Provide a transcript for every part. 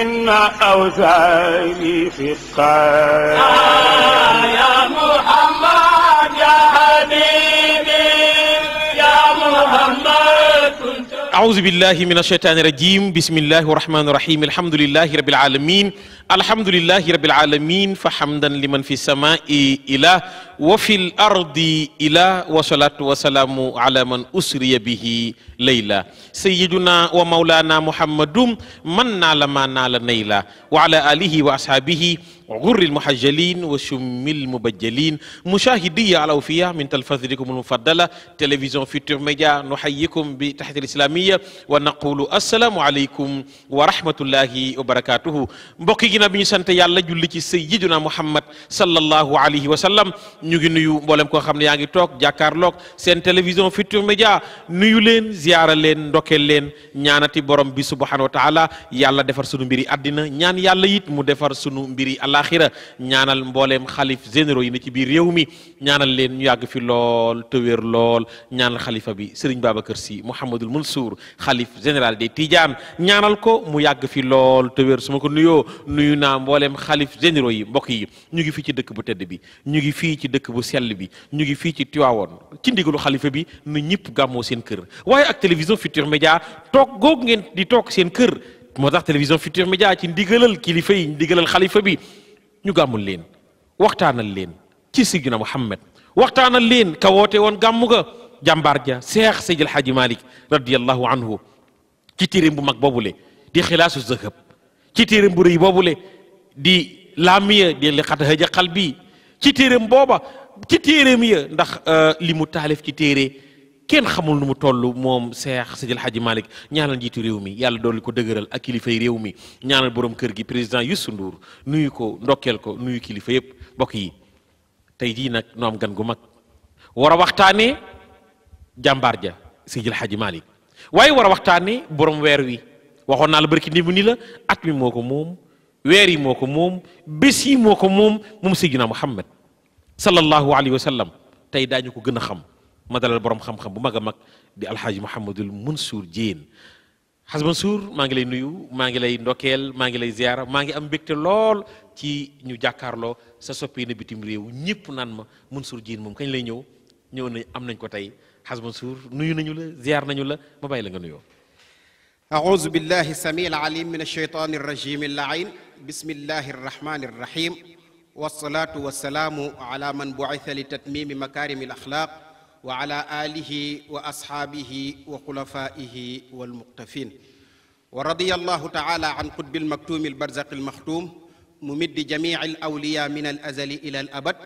إن أوزاري ثقال يا محمد يا حبيبي يا محمد أعوذ بالله من الشيطان الرجيم بسم الله الرحمن الرحيم الحمد لله رب العالمين الحمد لله رب العالمين فحمدا لمن في السماء إله وفي الأرض إله وصلاة وسلام على من أسري به ليلى سيدنا ومولانا محمد من نال ما نال نيلا وعلى آله وأصحابه غر المحجلين وشم المبجلين مشاهدي على أوفياء من تلفزيونكم المفضلة تلفزيون فيتور ميديا نحييكم بتحية الإسلامية ونقول السلام عليكم ورحمة الله وبركاته mbokk gi nag bi ñu sant yàlla julli ci sayyidina Muhammad sallallahu alayhi wa sallam ñu ngi nuyu mboolem koo xam ne yaa ngi toog jàkkaarloog seen télévision Futur Média nuyu leen ziyaara leen ndokkeel leen ñaanati borom bi subhanahu wa taala yàlla defar sunu mbiri àddina ñaan yàlla it mu defar sunu mbiri alaxira ñaanal mbooleem xalif généro yi na ci biir réew mi ñaanal leen ñu yàgg fi lool te lool ñaanal xalifa bi sëriñ Babacar Sy Mouhamadul Mansour xalif général yi tiijaan ñaanal ko mu yàgg fi lool te suma ko nuyoo nuyu naa mboolem xalif généro yi mbokk yi ñu ngi fii ci dëkk bu tedd bi ñu ngi fii ci dëkk bu sell bi ñu ngi fii ci Tiwaawoon ci kër ak télévision Futur Média toog googu ngeen di toog seen kër moo tax télévision Futur Média ci ndigalal kilifa yi ndigalal xalifa bi ñu gàmmul leen waxtaanal leen ci Sidina Muhammad waxtaanal leen ka woote woon gàmmu ga jàmbaar ja Seex Seydil Hadji Malick radiyallahu anhu ci téere bu mag boobule di xilaasu zëhëb ci téere bu rëy boobule di laamiya di li xat hëja xal ci téere mbooba ci téere ya ndax euh, li mu taalif ci téere kenn xamul nu mu toll moom Seex Sidil Hadji malik ñaanal njiitu réew mi yàlla dolli ko dëgëral ak kilifay réew mi ñaanal borom kër gi président Youssou Ndour nuyu ko ndokkeel ko nuyu kilifa yëpp mbokk yi tey jii nag nu am gan gu mag war a waxtaanee jàmbaar ja Sidil Hadji Malick waaye war a waxtaanee borom weer wi waxoon naa la barki ndimbu ni la at mi moo ko moom weer yi moo ko moom bés yi moo ko moom moom Seydina Muhammad sallallahu alayhi wa sallam tey daañu ko gën a xam. ma dalal borom xam-xam bu mag a mag di alxaaji Mouhamadul Mansour Diène xas Mansour maa ngi lay nuyu maa ngi lay ndokkeel maa ngi lay ziara maa ngi am mbégte lool ci ñu jàkkaarloo sa soppi na bitim réew ñëpp naan ma Mansour Diène moom kañ lay ñëw ñëw nañ am nañ ko tey xas Mansour nuyu nañu la ziar nañu la ma bàyyi la nga nuyoo. أعوذ بالله السميع العليم من الشيطان الرجيم اللعين بسم الله الرحمن الرحيم والصلاة والسلام wa ala alihi wa ashaabihi wa xulafaihi walmuqtafin wa radia allahu taala an qutbi almaktuumi albarzaqi almaxtuum mumiddi jamici alawliya min alazali ila alabad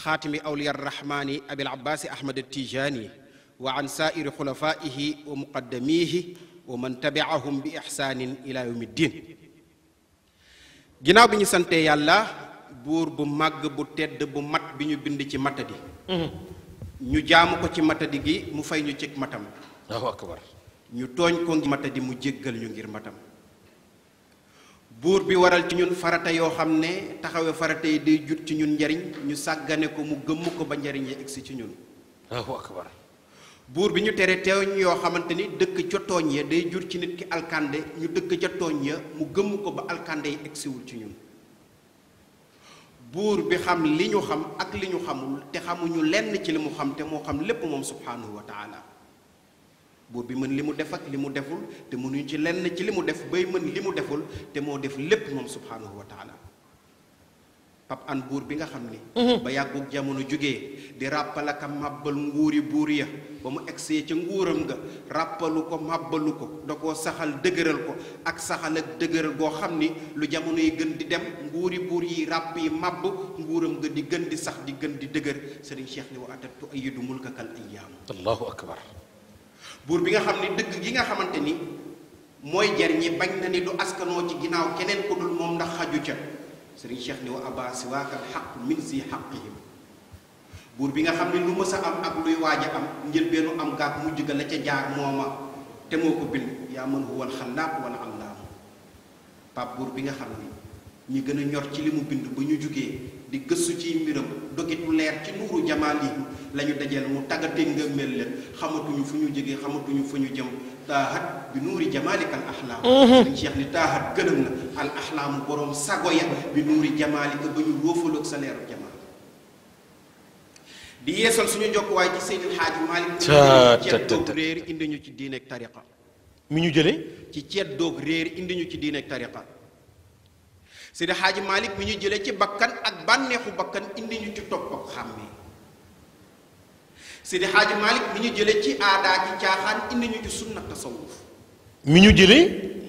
xaatimi awliya arrahmani abilabbasi ahmad altijani wa an sairi xulafaihi wa muqaddamihi wa man tabiahum bi ixsaanin ila yawmi ddin ginnaaw bi ñu sante yàlla buur bu màgg bu tedd bu mat bi ñu bind ci matadi mm-hmm. ñu jaamu ko ci matadi gi mu fay ñu cig matam Allahu ñu tooñ ko ngir matadi mu jéggal ñu ngir matam buur bi waral ci ñun farata yoo xam ne taxawe farata yi day jut ci ñun njariñ ñu sàggane ko mu gëmm ko ba njariñ ya egsi ci ñun Allahu buur bi ñu tere teeñ yoo xamante ni dëkk ca tooñ ya day jur ci nit ki alkande ñu dëkk ca tooñ ya mu gëmm ko ba alkande yi egsiwul ci ñun buur bi xam li ñu xam ak li ñu xamul te xamuñu lenn ci li mu xam te moo xam lépp moom subhaanahu wa taala buur bi mën li mu def ak li mu deful te mënuñ ci lenn ci li mu def bay mën li mu deful te moo def lépp moom subhaanahu wa taala pap an buur bi nga xam ni mhm. ba yàggug jamono jóge di ràppal aka màbbal nguuri buur ya ba mu egsee ca nguuram ga ràppalu ko màbbalu ko da ko saxal dëgëral ko ak saxal ak dëgëral goo xam ni lu jamono yi gën di dem nguuri buur yi ràpp yi màbb nguuram nga di gën di sax di gën di dëgër sëriñ Cheikh ni wa atattu ayidu mulkakal ayyaam allahu akbar buur bi nga xam ni dëgg gi nga xamante ni mooy jar ñi bañ na ni du askanoo ci ginnaaw keneen ku dul moom ndax xaju ca sëriñ Cheikh ni wa abaa si waakal xaq min si xaqihim buur bi nga xam ne lu mës am ak luy waaj a am njëlbeenu am gaak mujj ga la ca jaar mooma te moo ko bind yaa mën huwal xannaaq wala allaamu pap buur bi nga xam ni ñi gën a ñor ci li mu bind ba ñu jógee di gëstu ciy mbiram dogitu leer ci nuuru jamaalihu la ñu dajeel mu tàggate ngëmmeel leen xamatuñu fu ñu jógee xamatuñu fu ñu jëm taahat bi nuuri jamaalika al axlaam dañ mhm. Cheikh ni taahat gënëm boroom sagoya bi nuuri jamaalika ba ñu wóofaloog sa leeru jamaal di yeesal suñu jokkuwaay ci Seydil Xaaji ci diineeg tariqa mi ñu jëlee ci ceet doog réer indi ñu ci diineeg tariqa Seydil Xaaji Maalik mi ñu jëlee ci bakkan bànneexu bakkan indi ñu ci topp ak xàmmee Seydi Xaaji Malik mi ñu jële ci aada ci caaxaan indi ñu ci sunna tasawuf mi ñu jële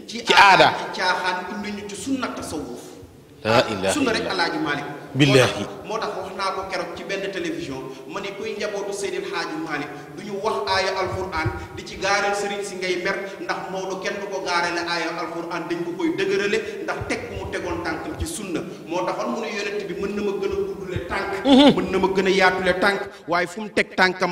ci aada ci caaxaan indi ñu ci sunna tasawuf laa ah, ilaaha sunna rek alaaji Malick. billaahi moo tax wax naa ko keroog ci benn télévision ma ne kuy njabootu Seydil Haaji Malick du ñu wax aaya alquran di ci gaareel sëriñ si ngay mer ndax moo Maodo kenn du ko gaareele aaya alquran dañ ko koy dëgërale ndax teg mu tegoon tànkam ci sunna moo taxoon mu ne yonent bi mën na ma gën a guddule tànk mhm. mën na ma gën a yaatule tànk waaye fu mu teg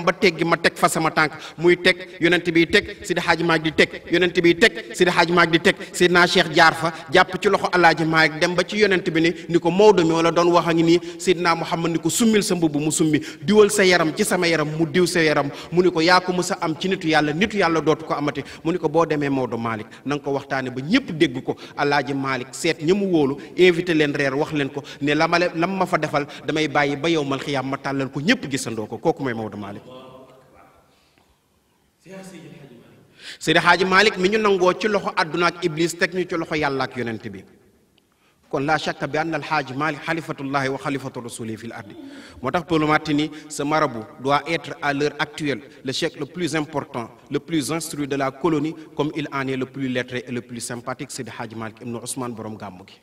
ba teggi ma teg fa sama tànk muy teg yonent bi teg Sidi Hadj Malick di teg yonent bi teg Sidi Hadj Malick di teg Seydina Cheikh jaar fa jàpp ci loxo Alaaji Malick dem ba ci yonent bi ni ni ko Maodo mi wala doon wax a ngi nii Seydina Muhammad ni ko summil sa mbubb mu summi diwal sa yaram ci sama yaram mu diw sa yaram mu ni ko yaa ko mës a am ci nitu yàlla nitu yàlla dootu ko amati mu ni ko boo demee Maodo Malick na nga ko waxtaane ba ñëpp dégg ko Alaaji Malick seet ña mu wóolu invité leen reer wax leen ko ne la ma fa defal may bàyyi ba yow mal xiyaam ma tàllal ko ñëpp gisandoo ko kooku mooy Maodo Malick Seydi Xaaji Malick mi ñu nangoo ci loxo àdduna ak Iblis teg ci loxo yàlla ak yonent bi kon la shakka bi ann alxaaji Malick xalifatullahi wa xalifatu rasuli fi ardi moo tax Paul Martini ce marabout doit être à l'heure actuelle le chef le plus important le plus instruit de la colonie comme il en est le plus lettré et le plus sympathique Seydi Xaaji Malick ibnu Ousmane borom gàmmu gi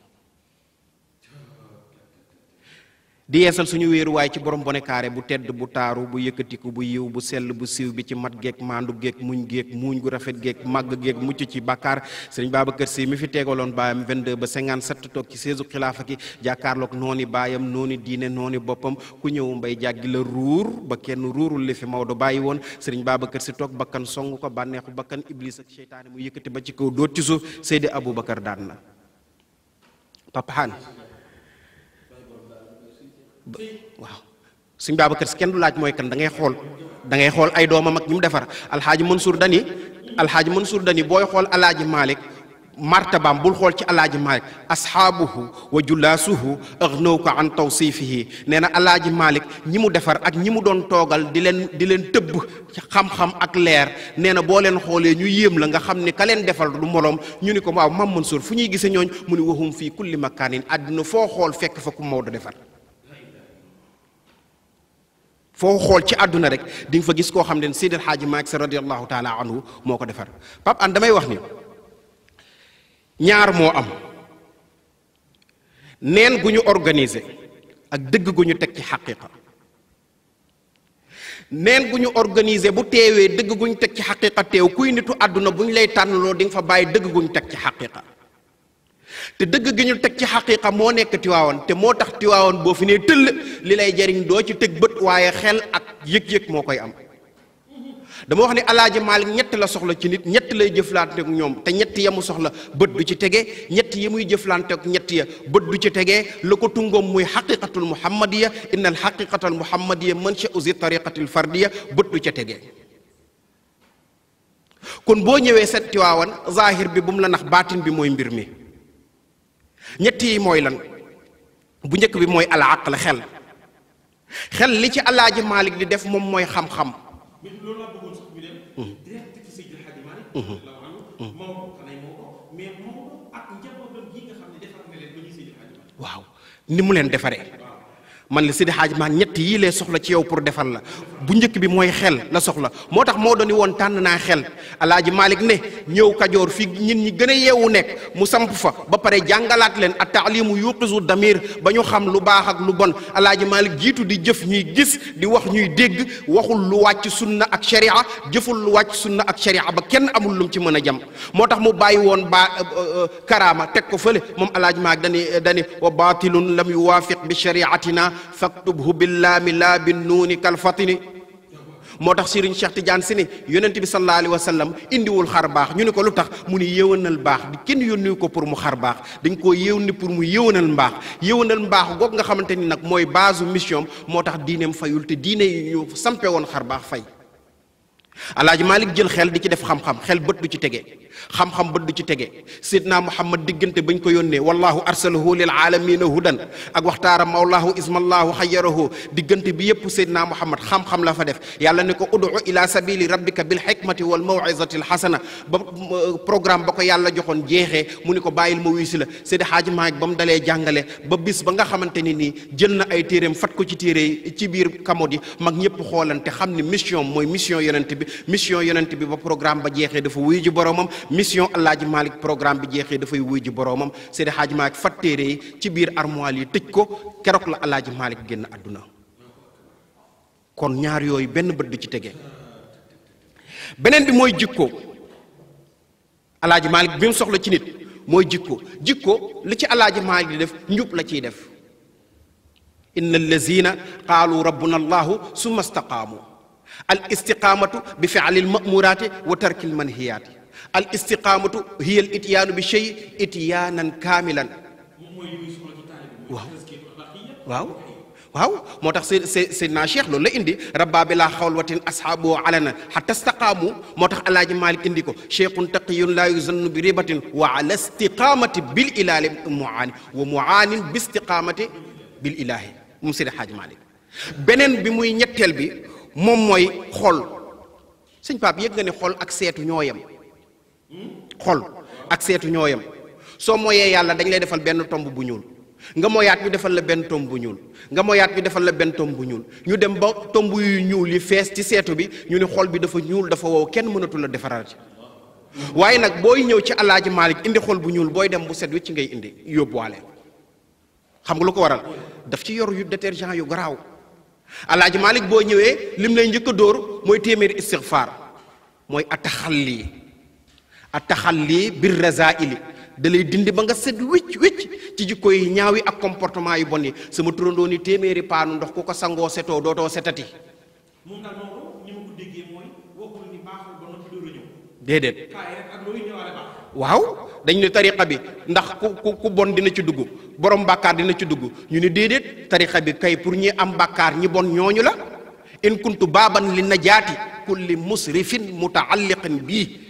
di yeesal suñu wéeruwaay ci borom bonekaare bu tedd bu taaru bu yëkkatiku bu yiw bu sell bu siiw bi ci mat geeg maandu geeg muñ geeg muñ gu rafet geeg màgg geeg mucc ci bàkkaar sëriñ Babacar Sy mi fi teegaloon baayam 22 ba 57 toog ci seesu xilaafa ki jàkkaarloog nooni baayam nooni diine nooni boppam ku ñëw mbay jàggi la ruur ba kenn ruurul li fi Maodo bàyyi woon sëriñ Babacar Sy toog bakkan song ko bànneexu bakkan iblis ak seytaane mu yëkkati ba ci kaw dóot ci suuf Seydi daan na waaw suñ Babacar Si kenn du laaj mooy kan da ngay xool da ngay xool ay doomam ak ñi mu defar alxaaji Mansour Dani alxaaji Mansour Dani booy xool alaaji Malick martabaam bul xool ci alaaji Malick asxaabuhu wa julaasuhu aghnawka an tawsifihi nee na alaaji Malick ñi mu defar ak ñi mu doon toogal di leen di leen tëbb ci xam-xam ak leer nee na boo leen xoolee ñu yem la nga xam ne ka leen defal du moroom ñu ni ko waaw Mam Mansour fu ñuy gisee ñooñ mu ni wahum fii kulli makaanin àddina foo xool fekk fa ku Maodo defar foo xool ci àdduna rek di fa gis koo xam ne Seydil Hadji Malick Sy radiyallahu taala anhu moo ko defar Pape Hann damay wax ni ñaar moo am neen gu ñu organiser ak dëgg gu ñu teg ci xaqiqa neen gu ñu organiser bu teewee dëgg gu ñu teg ci xaqiqa teew kuy nitu àdduna bu ñu lay tànnaloo di nga fa bàyyi dëgg gu ñu teg ci xaqiqa te dëgg gi ñu teg ci xaqiqa moo nekk tiwaawoon te moo tax tiwaawoon boo fi ne tëll li lay jariñ doo ci teg bët waaye xel ak yëg-yëg moo koy am dama wax ne alaaji Maalik ñett la soxla ci nit ñett lay jëflante ak ñoom te ñett ya mu soxla bët du ci tege ñett yi muy jëflante ak ñett ya bët du ci tege la ko tungoom muy xaqiqatul muhammadiya innal xaqiqatal muhammadiya mancha usi tariqatil fardiya bët du ca tege kon boo ñëwee set tiwaawan zahir bi bu la nax baatin bi mooy mbir mi ñetti yi mooy lan bu njëkk bi mooy al aql xel xel li ci alaaji Malik di def moom mooy xam-xam. waaw ni mu leen defaree man la Sidi xaaj Malick ñett yii lay soxla ci yow pour defar la bu njëkk bi mooy xel la soxla moo tax moo dooni woon tànn naa xel alaaji malik ne ñëw kajoor fii ñin ñi gën a yeewu nekk mu samp fa ba pare jàngalaat leen ak taalimu yuqisu damir ba ñu xam lu baax ak lu bon alaaj Malick jiitu di jëf ñuy gis di wax ñuy dégg waxul lu wàcc sunna ak sharia jëful lu wàcc sunna ak sharia ba kenn amul lum ci mën a jam moo tax mu bàyyi woon ba euh, euh, karaama teg ko fële moom alaaji Malick dani dani wa batilun lam yuwaafiq bi shariatina faktubhu billaami laa bi nuuni moo tax Serigne Cheikh Tidiane si ne yonent bi sallallahu alayhi wa sallam indiwul xar baax ñu ne ko lu tax mu ne yéwénal baax di kenn yónni ko pour mu xar baax dañ koo yéwni pour mu yéwénal mbaax yéwénal mbaax goog nga xamante ni nag mooy base mission moo tax diineem fayul te diine yi ñu sampe woon xar baax fay maa Malik jël xel di ci def xam-xam xel bët lu ci tege. xam-xam bët du ci tege sidna muhammad diggante bañ ko yónnee wallahu arsalahu lil alamina hudan ak waxtaara mawlaahu ismallahu xayarahu diggante bi yëpp sidna muhammad xam-xam la fa def yàlla ne ko udu ila sabili rabbika bil xikmati wal mawizati alxasana ba programme ba ko yàlla joxoon jeexee mu ni ko bàyyil ma wuy si la Seydi Haaji Maalik ba mu dalee jàngale ba bis ba nga xamante ni nii jël na ay téeréem fat ko ci téere ci biir kamo mag ñëpp xoolante xam ni mission mooy mission yonent bi mission yonent bi ba programme ba jeexee dafa wuyu ji boromam mission Alaaji malik programme bi jeexee dafay wuy ji boroomam Seydi Haaji Malick fat téere ci biir armoire yi tëj ko keroog la Alaaji Malick génn àdduna kon ñaar yooyu benn bët du ci tege beneen bi mooy jikko Alaaji Malick bi soxla ci nit mooy jikko jikko li ci Alaaji Malick di def njub la ciy def inna allazina qaalu rabbuna allahu summa istaqaamu al istiqaamatu bi fi'lil ma'muraati wa tarkil manhiyaati al istiqaamatu hiya al ityaanu bi shay ityaanan kaamilan waaw waaw moo tax see seydna cheikh loolu la indi rabba bi laa xawlwatin ashaabu alana xata staqaamu moo tax alaaji malik indi ko cheikhun taqiyun laa yuzannu bi ribatin wa ala istiqaamati bil ilaali muaani wa muaanin bi istiqaamati bil ilaahi moom seydi xaaji malik beneen bi muy ñetteel bi moom mooy xool sëñ Pape nga ne xol ak seetu ñooyam xol ak seetu ñooyam soo mooyee yàlla dañ lay defal benn tomb bu ñuul nga moyaat bi defal la benn tomb bu ñuul nga mooyaat ñu defal la benn tomb bu ñuul ñu dem ba tomb yu ñuul yi fees ci seetu bi ñu ni xol bi dafa ñuul dafa wow kenn mënatul a defaraat waaye nag booy ñëw ci alaaji Malick indi xol bu ñuul booy dem bu set wecc ci ngay indi yóbbuwaale xam nga lu ko waral daf ci yor yu détergent yu garaaw alaaji Malick boo ñëwee lim lay njëkk a dóor mooy téeméeri istixfaar mooy ataxal lii a taxal li bir razaili da lay dind ba nga sedd wicc wicc ci jikko yi ñaaw yi ak comportement yu bon yi sama turandoo ni téeméeri paanu ndox ku ko sangoo setoo dootoo setati moom waaw dañ ne tariqa bi ndax ku ku bon dina ci dugg borom bàkkaar dina ci dugg ñu ne déedéet tariqa bi kay pour ñi am bàkkaar ñi bon ñooñu la in baaban li najaati kulli musrifin mutaalliqin bii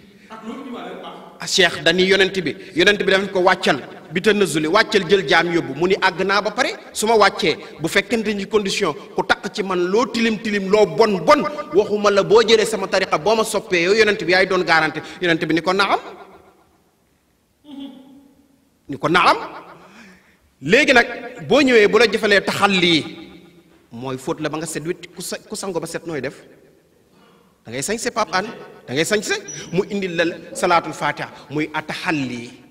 cheikh dañuy yonent bi yonent bi daf ko wàccal bi ta nazuli wàccal jël jaam yóbbu mu ni àgg naa ba pare su ma wàccee bu fekkente ni condition ku takk ci man loo tilim tilim loo bon bon waxuma la boo jëree sama tariqa boo ma soppee yow yonent bi yaay doon garanti yonent bi ni ko naam ni ko am léegi nag boo ñëwee bu la jafalee taxal lii mooy fóot la ba nga set wet ku sango ba set nooy def da ngay sañse Pape Hann da ngay sañse mu indil lal salaatul fatiha muy ataxalli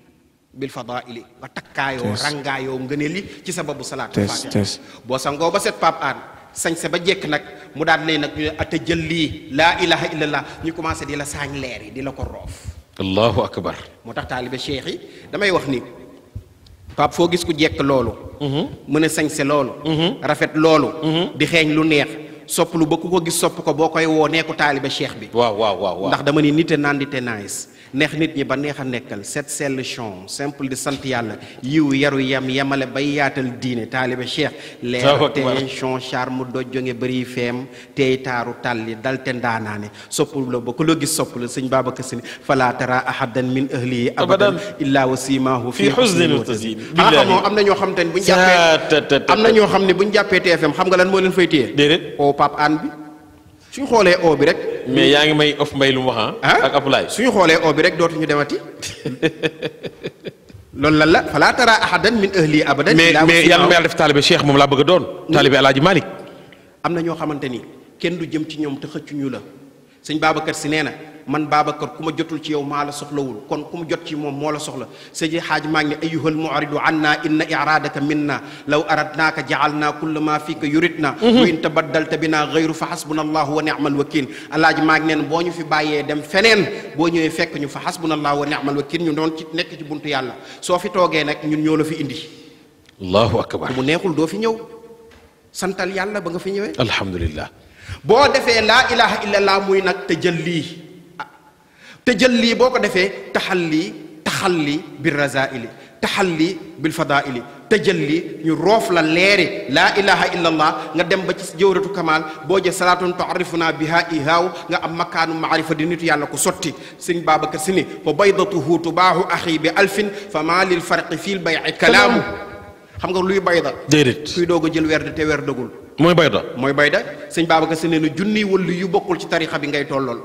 bil fadaili nga takkaayoo rangaayoo ngëneel yi ci sababu salaatul boo sangoo ba set Pape Hann ba jekk nag mu daal ne nag ñu ata jël lii laa ilaha illallah ñu commencé di la saañ leer yi di la ko roof allahu akbar moo tax taalibe cheikh yi damay wax ni Pape foo gis ku jekk loolu mhm. mën a sañse loolu mhm. rafet loolu mhm. di xeeñ lu neex sopp lu ba ku ko gis sopp ko boo koy woo nee ko taaliba bi. waaw waaw waaw ndax dama ni nite naan nite nice neex nit ñi ba neex a nekkal set sell chon simple di sant yàlla yiw yaru yam yamale bay yaatal diine taalibe cheikh leer tey chon charme dojjonge bëri feem tey taaru tàlli dal te ndaanaane soppul la ba ku la gis sopp la sëñ Babacar Sy fala tara ahadan min ahlihi abadan illa wa simaahu fi husnin mutasib ah xamoo am na ñoo xam te ne bu ñu jàppee am na ñoo xam ne bu ñu jàppee TFM xam nga lan moo leen fay téye déedéet o oh, An bi suñ xoolee o bi rek mais yaa ngi may of mbay lu mu wax ah, ah? ak Abdoulaye suñu xoolee oo bi rek dootuñu demati loolu lan la fala tara ahadan min ahli abadan mais mais yàlla ma def taalibe Cheikh moom laa bëgg a doon taalibe Alaaji Malick am na ñoo xamante ni kenn du jëm ci ñoom te xëccuñu la sëñ baabakat si nee na man Babacar ku ma jotul ci yow maa la soxlawul kon ku mu jot ci moom moo la soxla sëji xaaj maa ngi ne ayyuhal mu'ridu anna inna i'radaka minna law aradnaaka ja'alna kulla ma fika yuridna mhm. wa in tabaddalta bina ghayru fa hasbuna allahu wa ni'mal wakil alaaji maa ngi neen boo ñu fi bàyyee dem feneen boo ñëwee fekk ñu fa hasbuna allahu wa ni'mal wakil ñu doon nekk ci buntu yàlla soo fi toogee nag ñun ñoo la fi indi allahu akbar mu neexul doo fi ñëw santal yàlla ba nga fi ñëwee alhamdulillah boo defee laa ilaha illallah muy nag te jël lii te jël lii boo ko defee taxalli taxalli bil razaili taxalli bil fadaili te jël lii ñu roof la leeri laa ilaha illa allah nga dem ba ci jëwratu kamal boo jë salaatun tuarifuna biha ihaaw nga am makaanu maarifa di nitu yàlla ko sotti sëñ babacar si ni wa baydatuhu tubaahu axi bi alfin fa maa lil farqi fil bayi kalaamu xam nga luy bayda déedéet kuy doog a jël werd te weer dëggul mooy bayda mooy bayda sëñ babacar si ne junniy wëllu yu bokkul ci tarixa bi ngay tollool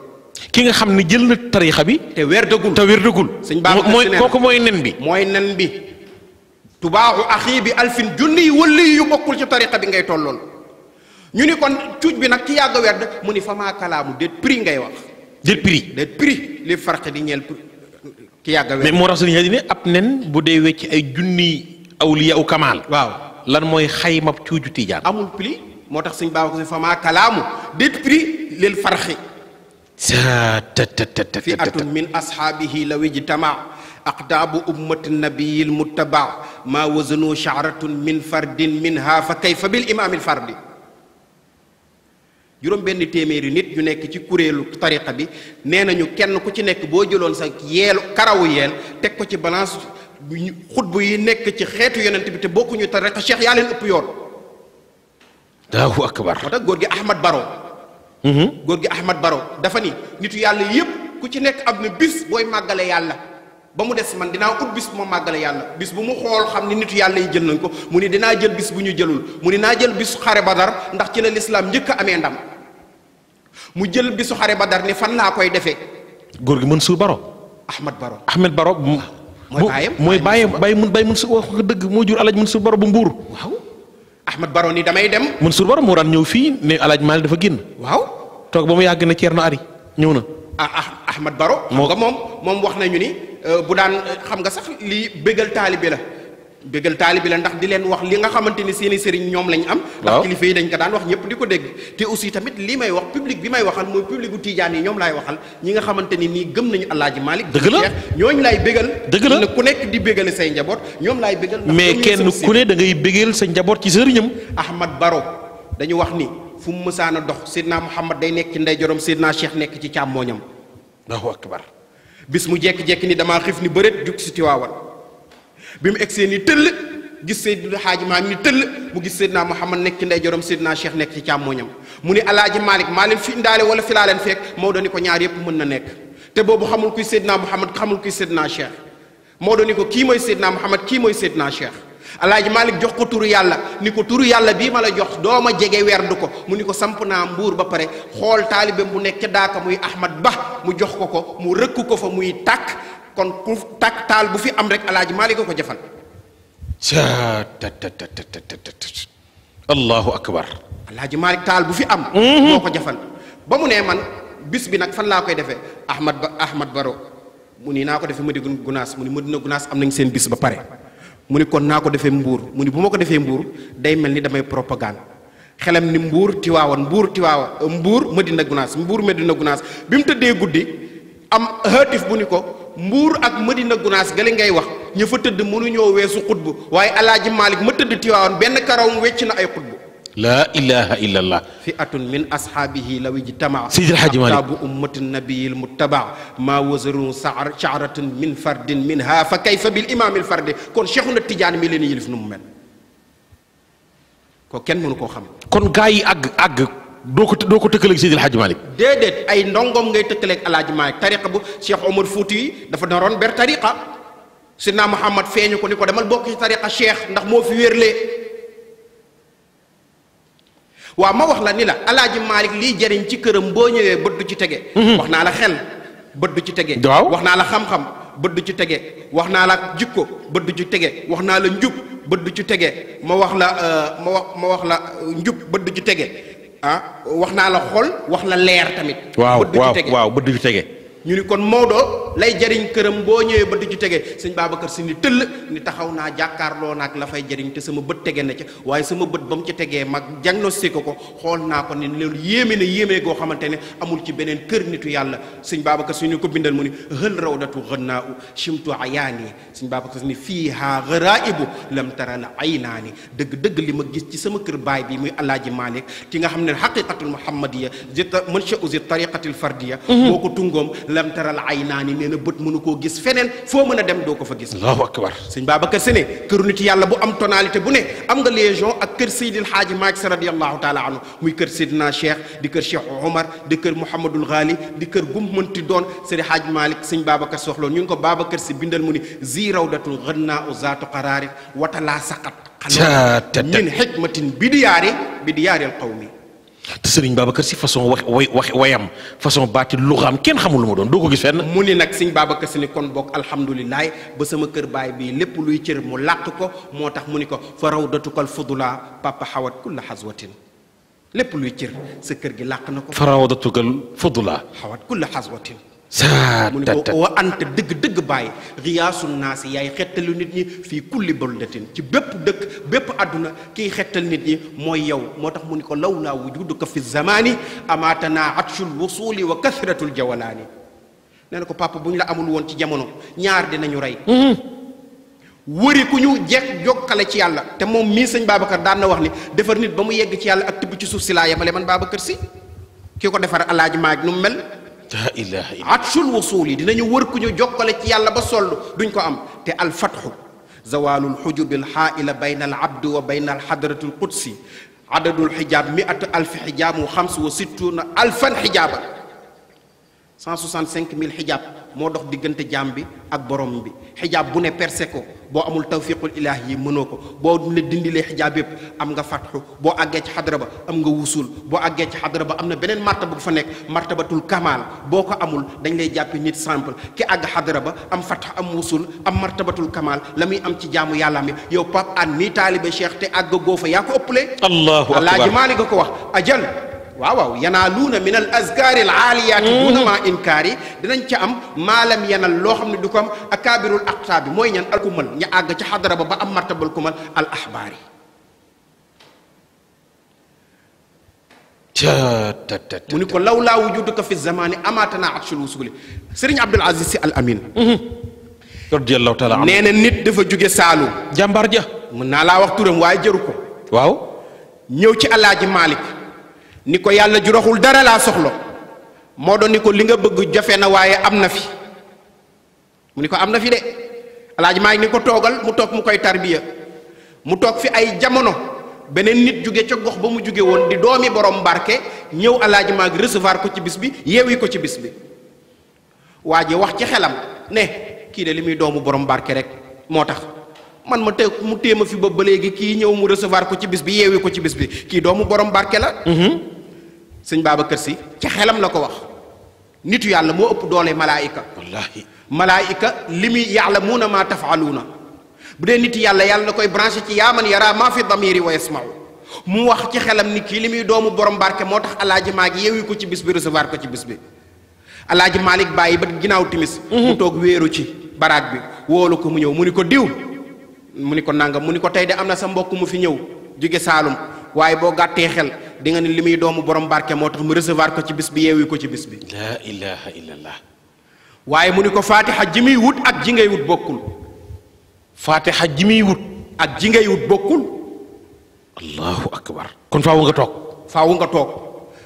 ki nga xam ne jël na tariixa bi. te weer dëggul te weer sëñ Ba kooku mooy nen bi. mooy nen bi. tubaaxu axi bi alfin junni yi wëlli yu bokkul ci tariixa bi ngay tolloon ñu ni kon cuuj bi nag ki yàgg werd mu ni famaa kalaamu déet ngay wax. déet prix déet prix li di ñeel ki yàgg moo tax sëñ bu dee wecc ay junni awliya u kamaal. waaw lan mooy xaymab cuuju tijaan. amul prix moo tax sëñ Ba ko kalaamu déet prix lil farxi fiatun min ashaabihi law ijtamaa aqdaabu ummati nabiyi lmuttabaa maa wazanu shaaratun min fardin minha fa kayfa bil imaamil fardi juróom benn téeméeri nit ñu nekk ci kuréelu tariqa bi nee nañu kenn ku ci nekk boo jëloon sa yeelu karawu yeel teg ko ci balance xutbu yi nekk ci xeetu yonent bi te bokkuñu tariqa cheikh yaa leen ëpp yoon allahu akbar moo tax góor gi Ahmad Baro Mm-hmm. góor gi Ahmad Baro dafa ni nitu yàlla yépp ku ci nekk am na bis booy màggale yàlla ba mu des man dinaa ut bis bu ma màggale yàlla bis bu mu xool xam ni nitu yàlla yi jël nañ ko mu ni dinaa jël bis bu ñu jëlul mu ni naa jël bisu xare badar ndax ci la lislaam njëkk amee ndam mu jël bisu xare dar ni fan naa koy defee góor gi mën Mansour Baro Ahmad Baro Ahmed Baro mooy bàyyam mooy bàyyam bàyyi mun bàyyi mun su dëgg moo jur mun su baro bu mbuur Ahmad Baro ni damay dem. Mansour Baro moo daan ñëw fii ne El Hadj Malick dafa génn. waaw toog ba mu yàgg na Thierno Ari ñëw na. ah, ah Ahmad Baro. moo moom moom wax nañu ni euh, bu daan euh, xam nga sax lii bégal taalibe la. bëggal taalibi la ndax di leen wax li nga xamante ni seeni sëriñ ñoom lañ am ndax kilifa yi dañ ko daan wax ñëpp di ko dégg te aussi tamit li may wax public bi may waxal mooy public bu tijaan yi ñoom laay waxal ñi nga xamante ni nii gëm nañu alaaji Malick dëgg la ñooñu lay bégal dëgg na ku nekk di bégale say njaboot ñoom laay bégal mais kenn ku ne da ngay bégal sa njaboot ci sëriñam Ahmad Baro dañu wax ni fu mu mësaana dox Seydina Muhammad day nekk ci ndeyjorom Seydina Cheikh nekk ci càmmooñam Allahu akbar bis mu jekki ni damaa xif ni bëreet jug si Tiwaawan bi mu egsee ni tëll gis Seydina Xaaji Maalik ni tëll mu gis Seydina Muhammad nekk ci ndeyjooram Seydina Cheikh nekk ci càmmooñam mu ni alaaji Maalik maa leen fi indaale wala fi laa leen fekk Maodo ni ko ñaar yëpp mën na nekk te boobu xamul kuy Seydina Muhammad xamul kuy Seydina Cheikh Maodo ni ko kii mooy Seydina Muhammad kii mooy Seydina Cheikh alaaji Maalik jox ko turu yàlla ni ko turu yàlla bii ma la jox doo ma jege werdu ko mu ni ko samp naa mbuur ba pare xool taalibeem bu nekk daaka muy Ahmad Ba mu jox ko ko mu rëkk ko fa muy tàkk kon ku takk taal bu fi am rek alaaji Maalik ko jëfal ca allahu akbar alaaji Maalik taal bu fi am mhm. moo ko ba mu nee man bis bi nag fan laa koy defee ahmad ba ahmad baro mu ni naa ko defee Madina Gunaas mu ni Madina Gunaas am nañ seen bis ba pare mu ni kon naa ko defee mbuur mu ni bu ma ko defee mbuur day mel ni damay propagande xelam ni mbuur tiwaawan mbuur tiwaawan mbuur Madina Gunaas mbuur Madina Gunaas bi mu tëddee guddi am haatif bu ni ko mbuur ak Medina Gunaas gële ngay wax ña fa tëdd mënuñoo weesu xutbu waaye alaaji Malick ma tëdd Tiwaawan benn karawam wecc na ay xutbu laa ilaha illallah fi atun min ashaabihi law ijtamaa sidil haaji Malick taabu ummati nabiyil muttabaa maa wazaru saar min fardin min ha fa kayfa bil imaamil fardi kon Cheikhuna Tidiane mi leen yëlif nu mu ko kenn mënu koo xam kon gaa yi àgg àgg doo ko doo ko tëkkaleeg Seydil Hadji Malick déedéet ay ndongoom ngay tëkkaleeg Alaaji Malick tariqa bu Cheikh Omar Fouti yi dafa naroon ber tariqa naa Muhammad feeñu ko ni ko demal bokk ci tariqa cheikh ndax moo fi wérlee waaw ma wax la ni la Alaaji Malick lii jariñ ci këram boo ñëwee bët du ci tege mhm. wax naa la xel bët du ci tege waaw wax naa la xam bët du ci tege wax naa la jikko bët du ci tege wax naa la njub bët du ci tege ma wax la euh, ma wax ma wax la njub bët du ci tege ah wax naa la xol wax la leer tamit. waaw waaw waaw bët du ci tege. ñu ni kon Maodo lay jariñ këram boo ñëwee ba di ci tege sëñ Babacar si ni tëll ni taxaw naa jàkkaarloo naag la fay jariñ te sama bët tege na ca waaye sama bët ba ca tegee mag diagnostiqué ko xool naa ko ne loolu yéeme na yéeme goo xamante ne amul ci beneen kër nitu yàlla sëñ Babacar si ni ko bindal mu ni hël rawdatu xënnaa u chimtu ayaani sëñ Babacar si ni fii haa xaraibu lam tarana aynaani dëgg dëgg li ma gis ci sama kër baay bi muy alaaji Malick ci nga xam ne haqiqatul muhammadiya jita manshau zi tariqatil fardiya boo mhm. ko tungoom lam taral aynaani nee na bët mënu koo gis feneen foo mën a dem doo ko fa gis allahu akbar sëñ Babacar Sy ne këru nit yàlla bu am tonalité bu ne am nga légion ak kër Seydil Haaji Maalik Sy radiallahu taala anhu muy kër Seydina Cheikh di kër Cheikh Omar di kër Mouhamadul Ghali di kër gum mënti doon Seydi Haaji Maalik baaba Babacar soxloon ñu ngi ko Babacar Sy bindal mu ni zi rawdatul gannaa u zaatu qaraari watalaa saqat xanaa min xikmatin bidiyaari bidiyaari al qawmi te sëriñ Babacar si façon wax way wax wayam façon baati luxaam kenn xamul lu ma doon doo ko gis fenn. mu ni nag sëriñ Babacar si ni kon bokk alhamdulilah ba sama kër baay bii lépp luy cër mu làq ko moo tax mu ni ko fa rawdatukal fudula papa xawat kulla xaswatin lépp luy cër sa kër gi làq na ko. fa rawdatukal fudula. xawat kulla xaswatin saa mu ne ko wa ant dëgg dëgg bàyyi riyaasul naa si yaay xettalu nit ñi fii kulli baldatin ci bépp dëkk bépp àdduna kiy xettal nit ñi mooy yow moo tax mu ne ko law laa wujuduka fi zamani amaatanaa atshul wusuli wa kasratul jawalaani nee na ko papa bu ñu la amul woon ci jamono ñaar dinañu rey mm-hmm. wëri ku ñu jekk jokkale ci yàlla te moom mii sëñ Babacar daan na wax ni defar nit ba mu yegg ci yàlla ak tibb ci suuf si laa yemale man Babacar si ki ko defar alaaji maag nu mu atchul wusuul yi dinañu wër ku ñu jokkale ci yàlla ba soll duñ ko am te alfatxu zawaalul xujubil xaaila bayna al abdi wa bayna al xadrati al qudsi adadul xijaab miatu alfi xijaab wa xams wa sittuna alfan xijaaba 165 000 xijaab moo dox diggante jaam bi ak borom bi xijaab bu ne perse ko boo amul tawfiqul ilaah yi mënoo ko boo la dindilee xijaab yëpp am nga fatxu boo àggee ci xadra ba am nga wusul boo àggee ci xadra ba am na beneen martaba bu fa nekk martabatul kamaal boo ko amul dañ lay jàppe nit simple ki àgg xadra ba am fatx am wusul am martabatul kamaal la muy am ci jaamu yàlla mi yow Pape Hann nii taalibe Cheikh te àgg goo fa yaa ko ëppalee allahu akbar alaaji Maalik ko wax ajal waaw waaw yanaaluuna min al azkaari al aaliyaati hmm. inkaari dinañ ca am maalam yanal loo xam ne du ko am akaabirul mooy ñan alkumal ña àgg ca xadara ba ba am martabal kumal al axbaari ko law laa wujuduka fi zamaani amaatana atshul wusuli sëriñ Abdul Aziz si al amin hmm. radiyallahu nit dafa jóge Saalum jàmbar ja mën naa laa wax turam waaye jëru ko waaw ñëw ci alaaji Malik ni ko yàlla ju dara laa soxla moo doon ni ko li nga bëgg jafe na waaye am na fi mu ni ko am na fi de alaaji maa ngi ni ko toogal mu toog mu koy tarbiya mu toog fi ay jamono beneen nit jóge ca gox ba mu jóge woon di doomi borom barke ñëw alaaji maa ngi recevoir ko ci bis bi yeewi ko ci bis bi waa ji wax ci xelam kii de li muy doomu borom barke rek moo tax man ma te mu téema fi ba ba léegi kii ñëw mu ko ci bis bi yeewi ko ci bis bi kii doomu barke la mm-hmm. sëñ Babacar Si ci xelam la ko wax nitu yàlla moo ëpp doole malaayika wallaahi malaayika li muy yaalamuuna maa tafaaluuna bu dee nit yàlla yàlla na koy branché ci yaaman yaraa maa fi yi wa yasmau mu wax ci xelam ni kii li muy doomu borom barke moo tax alaaji maa gi yewi ko ci bis bi recevoir ko ci bis bi alaaji Malick bàyyi ba ginnaaw timis mhm. mu toog wéeru ci baraag bi woolu ko mu ñëw mu ni ko diw mu ni ko nangam mu ni ko tey de am na sa mbokk mu fi ñëw jóge Saalum waaye boo gàttee xel di nga ne li muy doomu borom barke moo tax mu recevoir ko ci bis bi yeewi ko ci bis bi. laa ilaha illallah. waaye mu ni ko faatixa ji muy wut ak ji ngay wut bokkul. faatixa ji muy wut. ak ji ngay wut bokkul. allahu akbar. kon faawu nga toog. faawu nga toog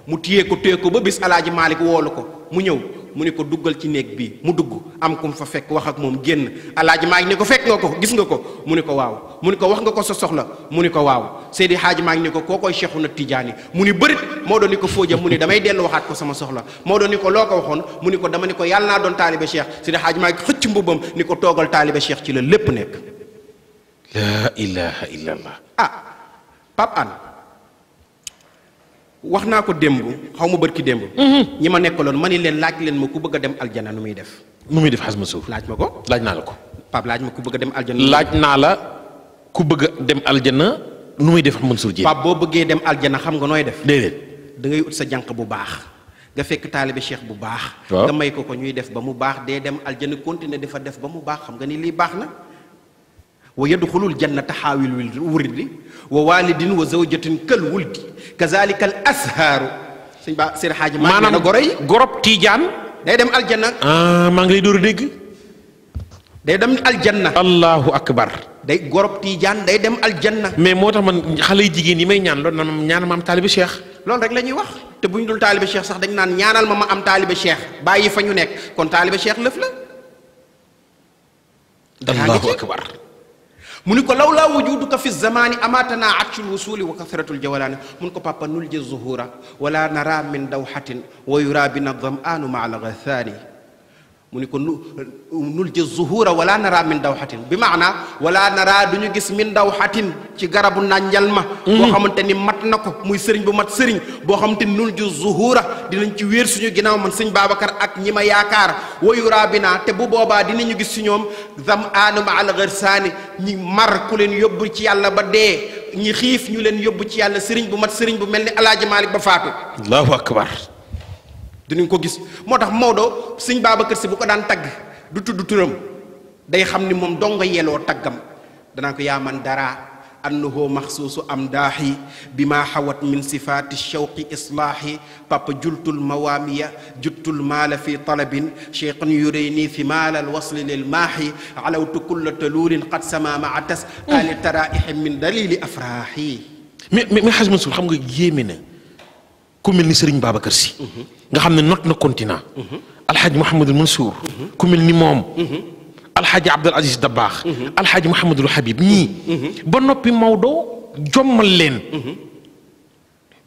mu téye ko téye ko ba bis alaaji Malick woolu ko mu ñëw. mu ne ko duggal ci néeg bi mu dugg am ku mu fa fekk wax ak moom génn alaaji maa ngi ne ko fekk nga ko gis nga ko mu ne ko waaw mu ne ko wax nga ko sa soxla mu ni ko waaw Seydi Haaji maa ngi ne ko kookoy Cheikhuna Tidiane mu ni bërit moo doon ni ko fooja mu damay dellu waxaat ko sama soxla moo doon ni ko loo ko waxoon mu ni ko dama ni ko yàlla naa doon taalibe Cheikh Seydi Haaji maa ngi xëcc mbubbam ni ko toogal taalibe Cheikh ci la lépp nekk la ilaha illallah ah Pape Hann wax naa ko démb xaw ma bët ki démb. Mhm. ñi ma nekkaloon ma ni leen laaj leen ma ku bëgg a dem aljana nu muy def. nu muy def xasma suuf laaj ma ko. laaj naa la ko. Pape laaj ma ko bëgg a dem aljana. laaj naa la ku bëgg a dem aljana nu muy def Mansour Dieng. Pape boo bëggee dem aljana xam nga nooy def. déedéet da ngay ut sa jànq bu baax. nga fekk taalibe cheikh bu baax. nga may ko ko ñuy def ba mu baax dee dem aljana continuer dafa def ba mu baax xam nga ni lii baax na. wa yadxulul jannata xaawil wurdi wa waalidin wa zawjatin kal wuldi kazalika al ashaaru sëñ ba seen xaaji maa maanaam goro yi gorob tiijaan day dem aljanna ah, maa ngi lay dégg day dem aljanna allahu akbar day gorob tiijaan day dem aljanna mais moo tax man xale yu jigéen yi may ñaan loolu na ñaan ma am taalibe cheikh lool rek la ñuy wax te bu ñu dul taalibe cheikh sax dañ naan ñaanal ma ma am taalibe cheikh bàyyi fa ñu nekk kon taalibe cheikh lëf la allahu mu ni ko law laa wujuduka fi zamani amatana atshul wusuli wa kasratul jawalaani mun ko papa nul ji zuhura wala nara min dawhatin wa yura bina dam'anu maa al ghathani mu ni ko nu nul jë zuhura wala nara min dawxatin bi maana wala nara du ñu gis min dawxatin ci garabu nànjal ma mhm. boo xamante ni mat na ko muy sëriñ bu mat sëriñ boo xamante ni nul jë zuhura dinañ ci wéer suñu ginnaaw man sëñ Babacar ak ñi ma yaakaar wayuraa bi naa te bu boobaa ñu gis si ñoom zam aanuma alxër saani ñi mar ku leen yóbbu ci yàlla ba dee ñi xiif ñu leen yóbbu ci yàlla sëriñ bu mat sëriñ bu mel ni alaaji Malik ba faa allahu dinañ ko gis moo tax Maodo sëñ baaba si bu ko daan tagg du tudd turam day xam ni moom donga yeloo taggam danaa ko yaaman dara annahu maxsuusu amdaaxi bi maa xawat min sifaati shawqi islaaxi papa jultul mawaamiya juttul maala fi talabin cheikhun yurayni fi maalal wasli lil maaxi alawtu kulla taluurin qad sama maa tas mm. ali taraaixi min dalili afraaxi mais mais mais xaj Mansour xam nga yéeme ku mel ni Serigne Babacar Sy. nga xam ne not na continent. alxaaji Mouhamadul Mansour. ku mel ni moom. alxaaji Abdul Aziz Dabaax. alxaaji Mouhamadul Habib ñii. ba noppi Maodo jommal leen.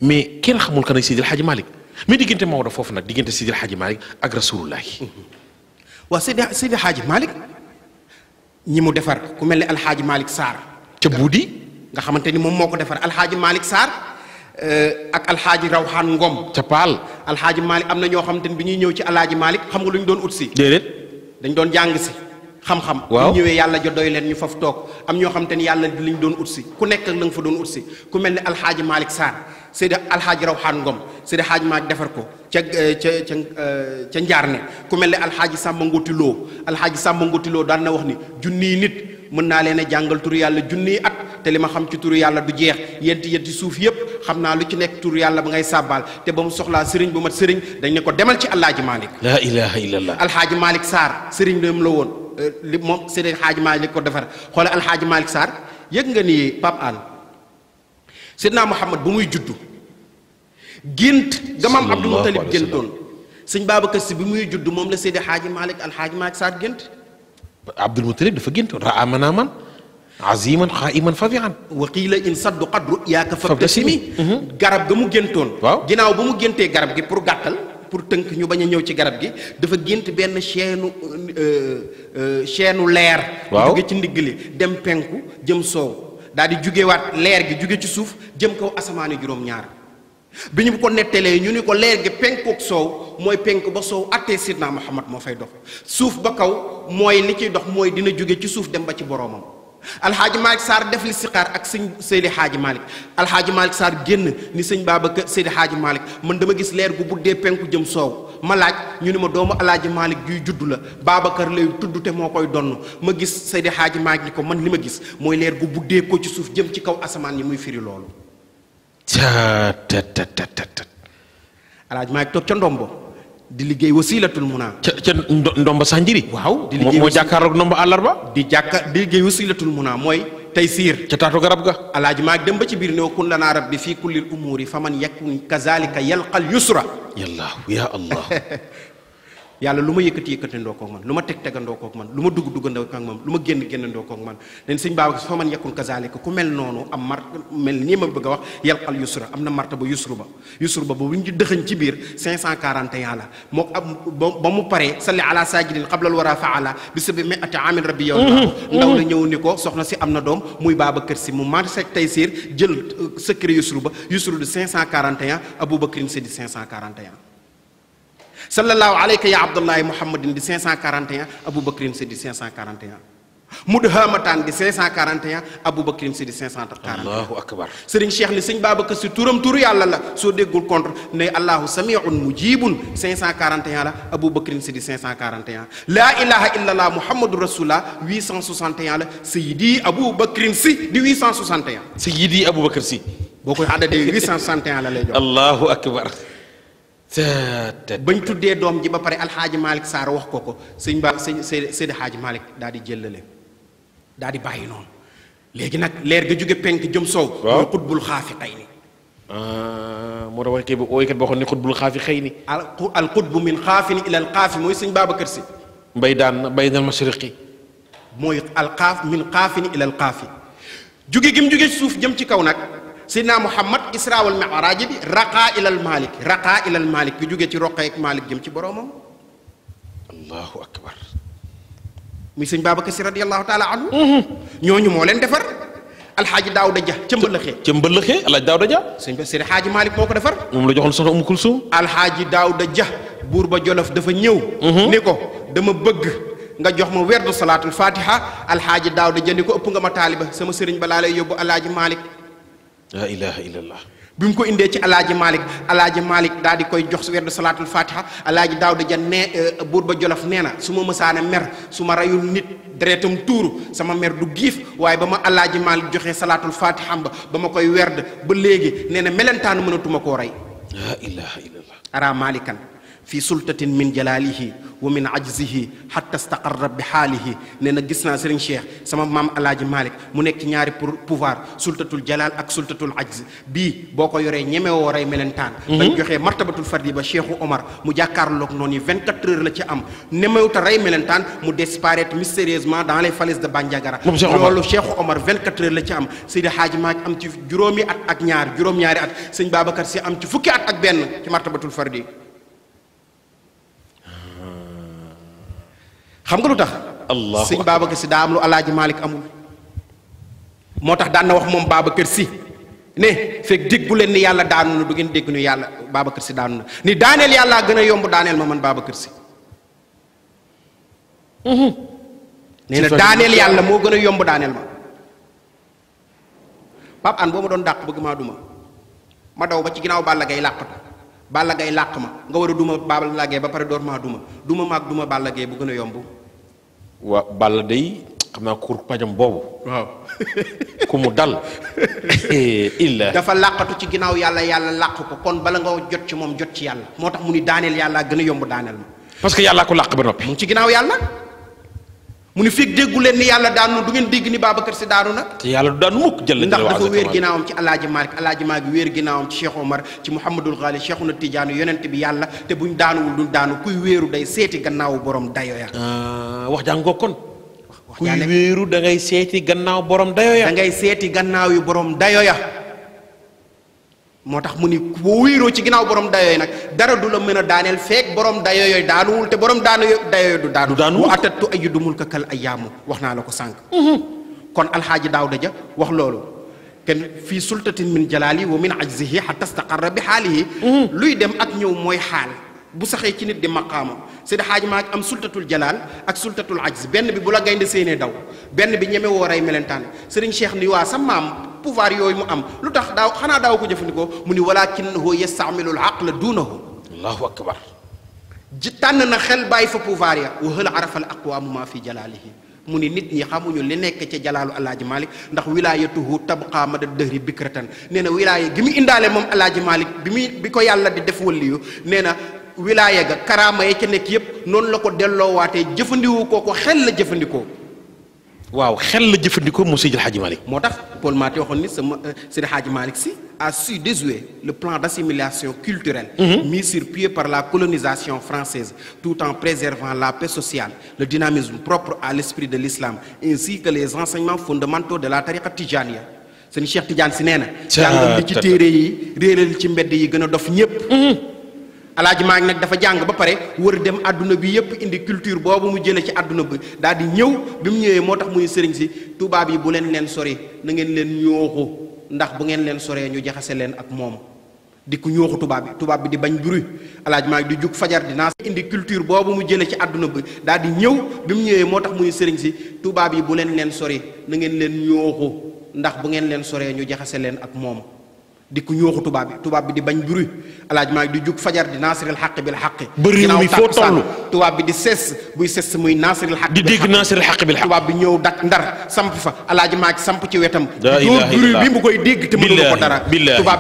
mais kenn xamul kan ay Seydil Hadji Malick mais diggante Maodo foofu nag diggante Seydil Hadji Malick ak rasulullahi. waaw Seydi Seydi Hadji Malick ñi mu defar ku mel ni Alhaji Malick Sarr. ca buudi. nga xamante ni moom moo ko defar Alhaji Malick Sarr. Euh, ak raw rawxaan ngoom ca paal alxaaji malik am na ñoo xam te ne bi ñuy ñëw ci alaaji malik xam nga lu ñu doon ut si dañ doon jàng si xam-xam waaw ñëwee yàlla jo doy leen ñu faf toog am ñoo xam te yàlla li ñu doon ut ku nekk ak la fa doon ut si ku mel ne alxaaji malik sarr alxaaj raw xaan ngoom seydi xaaji maaj defar ko ca ca ca ca euh, njaar ne ku mel ne alxaaji sàmba ngoti loo alxaaji sàmba ngoti loo daan na wax ni junniy nit mën naa leen a jàngal yàlla junniy at te li ma xam ci turu yàlla du jeex yenti yenti suuf yëpp xam naa lu ci nekk turu yàlla ba ngay sàbbaal te ba mu soxlaa sëriñ bu mat sëriñ dañ ne ko demal ci alhaaji malik la ilaha illallah alhaaji malik sarr sëriñ lem la woon euh, li moom sëriñ alhaaji malik ko defar xoole alhaaji malik sarr yëg nga ni Pape Hann sidna Muhammad bu muy juddu gént gamam Abdou Moutalib géntoon sëñ Babacar Si bi muy juddu moom la Seydi Xaaji Malik Alxaaji Malik Saar gént Abdul Muttalib dafa géntoon raa amanaa man aziman xaiman fabian waqiila yaa saddu qad ruyaaka fabtasimi garab ga mu géntoon waaw ginnaaw ba mu géntee garab gi pour gàttal pour tënk ñu bañ a ñëw ci garab gi dafa gént benn chaîne euh, euh, chaîne leer waaw ci ndigg li dem penku jëm soow daal di jugewaat leer gi juge ci suuf jëm kaw asamaani juróom-ñaar bi ñu ko nettalee ñu ni ko leer gi penkook soow mooy penk ba soow attee sidna Muhammad moo fay dox suuf ba kaw mooy ni ciy dox mooy dina jóge ci suuf dem ba ci boroomam alxaaji Malick saar def li sixaar ak sëñ Seydi Xaaji Malick alxaaji Malick Sarr génn ni sëñ Babacar Seydi Xaaji Malick man dama gis leer gu buddee penku jëm soow ma laaj ñu ni ma doomu alaaji Malick juy juddu la Babacar lay tudd te moo koy donn ma gis Seydi Xaaji Malick ni ko man li ma gis mooy leer gu buddee ko ci suuf jëm ci kaw asamaan yi muy firi loolu. ca tet tet alaaji Malick toog ca ndombo. di liggéey wasilatul munaa ca ca ndomba sax njëri waaw di liggéey moo jàkkaarloog ndomba àllarba di jàkka di liggéey wasilatul munaa mooy tey siir ca taatu garab ga alaaji maa dem ba ci biir ne kun lanaa rabbi fii kullil umuuri fa man yakun kazalika yalqal yusra ya allah yàlla lu ma yëkkati yëkkati ndoo koog man lu ma teg tegandoo koog man lu ma dugg duggandoo koog man lu ma génn génnandoo koog man leen sëñ baaba soo man yekkun kazalika ku mel noonu am mar mel nii ma bëgg a wax yalqal yusra am na martaba yusru ba yusru ba bu ñu dëxëñ ci biir 541 la moo ab ba mu paree salli ala sajidin qablal wara faala bi sabi miati amin rabbi yow mhm, mhm. ndaw la ñëw ni ko soxna si am na doom muy baaba kër si mu marché tey siir jël euh, secret yusru ba yusru de 541 aboubacrine c'est de 541 sallallahu alayka ya abdullahi muhammadin di 541 aboubacrin si di 541 mudhamataan di 541 aboubacrim si di 541 allahu akbar sëriñ cheikh ni sëñ babacar si turam turu yàlla la soo déggul contre ne allahu samiun mujibun 541 la aboubacrim si di 541 laa ilaha illallah la sayidi aboubacrim si di allahu akbar bañ tuddee doom ji ba pare alxaaji Malick saar wax ko ko sëñ ba sëñ Seydi Xaaji Malick daal di jëllale daal di bàyyi noonu léegi nag leer ga jóge penk jëm sow mooy xutbul xaafi xëy ni moo tax woykat bi woykat boo xëy ni al xutbu min xaafini ila al xaafi mooy sëñ Babacar Si mbay daan mbay daan mashriqi mooy al xaaf min xaafini ila al xaafi jóge gi mu jóge suuf jëm ci kaw nag sidna muhammad isra wal mi'raj bi raqaa ilal malik raqaa ilal malik bi jógee ci roqee ak malik jëm ci boroomam allahu akbar muy sëñ Babacar Si radiyallahu taala anhu mhm. ñooñu moo leen defar alxaaji daawda ja ca mbëllëxee ca mbëllëxee alxaaji daawda ja sëñ ba sëñ xaaji malik ko defar moom la joxoon soxna Umu Kulsum alxaaji daawda ja buur ba jolof dafa ñëw mhm. ni ko dama bëgg nga jox ma werdu salaatul fatiha alxaaji daawda ja ni ko ëpp nga ma taaliba sama sëriñ balaa lay yóbbu alxaaji malik la ilaha illallah. bi mu ko indee ci alaaji Malick alaaji Malick daal di koy jox werdu salaatul fatiha alaaji Daawda ja nee eh, buur ba jolof nee na su ma mësaana mer su ma reyul nit deretam tuuru sama mer du giif waaye ba ma alaaji Malick joxee salaatul fatiha ba ba ma koy werd ba léegi nee na melentaan mënatuma koo rey. la ilaha fi sultatin min jalaalihi wa min ajzihi hatta staqarra bi xaalihi nee na gis naa Serigne Cheikh sama maam alaaji Malick mu nekk ci ñaari pour pouvoir sultatul jalaal ak sultatul ajz bii boo ko yoree ñemewoo rey melentaan mhm. bañ joxee martabatul fardi ba Cheikhu Omar mu jàkkaarloog noonu yi vingt quatre heures la ci am nemewuta rey melentaan mu disparaître mystérieusement dans les falaises de Bandiagara loolu Cheikhu Omar vingt quatre heures la ci am Seydi Haaji Maaj am ci juróomi at ak ñaar juróom at sëñ Babacar Si am ci fukki at ak benn ci martabatul fardi xam nga lu tax allah sëñ Babacar si daa am lu alaaji Malick amul moo tax daan na wax moom Babacar si ne fekk dégg bu leen ni yàlla daanu na du ngeen dégg ni yàlla Babacar si daanu na ni daaneel yàllaa gën a yomb daaneel ma man Babacar si mhm. nee na daaneel yàlla moo gën a yomb daaneel ma Pape An boo ma doon dàq bëgg maa duma ma daw ba ci ginnaaw Balla Gaye làqatu Balla Gaye làq ma nga war a duma Balla Gaye ba pare door maa duma duma maag duma Balla Gaye bu gën a yomb waa Balla day xam naa kur pajam boobu. waaw ku mu dal. illa dafa làqatu ci ginnaaw yàlla yàlla làq ko kon bala nga jot ci moom jot ci yàlla. moo tax mu ni daaneel yàlla gën a yomb daaneel ma. parce que yàlla ko làq ba noppi. mu ci ginnaaw yàlla. mu ni fekk déggu ni yàlla daanu du ngeen dégg ni Babacar Sy daanu nag. te yàlla du daanu mukk jël ndax dafa wéer ginnaawam ci Alaaji Malick Alaaji Malick wéer ginnaawam ci Cheikh Omar ci Mouhamadul Xaali Cheikhuna Tidiane yonent bi yàlla te bu ñu daanuwul du daanu kuy wéeru day seeti gannaaw borom dayo ya ah, wax jàng ko kon. kuy wéeru da ngay seeti gannaaw borom dayo ya ngay seeti gannaaw yu borom dayo ya moo tax mu ni boo wéeroo ci ginnaaw borom dayoo yi nag dara du la mën a daaneel feek borom dayoo yooyu daanuwul te borom daanoo dayoo du daanu. du daanu wa atattu ay du ka kal ay yaamu wax naa la ko sànq. Mhm. kon alxaaji daaw ja wax loolu. kenn fii sultatin min jalaali wa min ajzihi xatta staqarra bi xaalihi mhm. luy dem ak ñëw mooy xaal. bu saxee ci nit di maqaama sida xaaji maa am sultatul jalaal ak sultatul ajz benn bi bu la gaynde séenee daw benn bi ñeme woo rey melentaan sëriñ Cheikh ni pouvoir yooyu mu am lu tax daaw xanaa daaw ko jëfandikoo mu ni walakinahu la aqla duunahu allahu akbar ji tànn na xel bàyyi fa pouvoir ya wa hal arafal aqwaamu ma fi jalaalihi mu ni nit ñi xamuñu li nekk ca jalaalu alaaji malik ndax wilaayatuhu tabqa mada dëhri bikratan nee na wilaaya gi mu indaale moom alaaji malik bi muy bi ko yàlla di def waliyu nee na wilaaya ga karaama ya ca nekk yépp noonu la ko delloowaatee jëfandiwu koo ko la jëfandikoo waaw xel la jëfandikoo mu Seydi El Hadji Malick moo tax Paul Maty waxoon ni sama euh, Seydi El Hadji Malick Sy a su déjouer le plan d'assimilation culturelle mhm. mis sur par la colonisation française tout en préservant la paix sociale le dynamisme propre à l'esprit de l'islam ainsi que les enseignements fondamentaux de la tariqa tijaniya seen Cheikh Tidiane si nee na jàngam ci téere yi réeral ci mbedd yi gën a dof ñëpp mhm. alaaji maa ngi nag dafa jàng ba pare wër dem àdduna bi yépp indi culture boobu mu jëlee ci àdduna bi daal di ñëw bi mu ñëwee moo tax muy sëriñ si tubaab yi bu leen leen sore na ngeen leen ñooxu ndax bu ngeen leen soree ñu jaxase leen ak moom di ku ñooxu tubaab bi tubaab bi di bañ bruit alaaji maa di jug fajar di indi culture boobu mu jëlee ci àdduna bi daal di ñëw bi mu ñëwee moo tax muy sëriñ si tubaab yi bu leen leen sori na ngeen leen ñooxu ndax bu ngeen leen soree ñu jaxase leen ak moom di ku yooxu tubaab bi tubaab bi di bañ bruit alaaj maa di jug fajar di naasiril xaq bil xaq ba réew mi foo toll tubaab bi di ses buy ses muy naasiril di dégg naasiril xaq bil xaq bi ñëw dak ndar samp fa alaaj maa samp ci wetam dóor bruit bi mu koy bi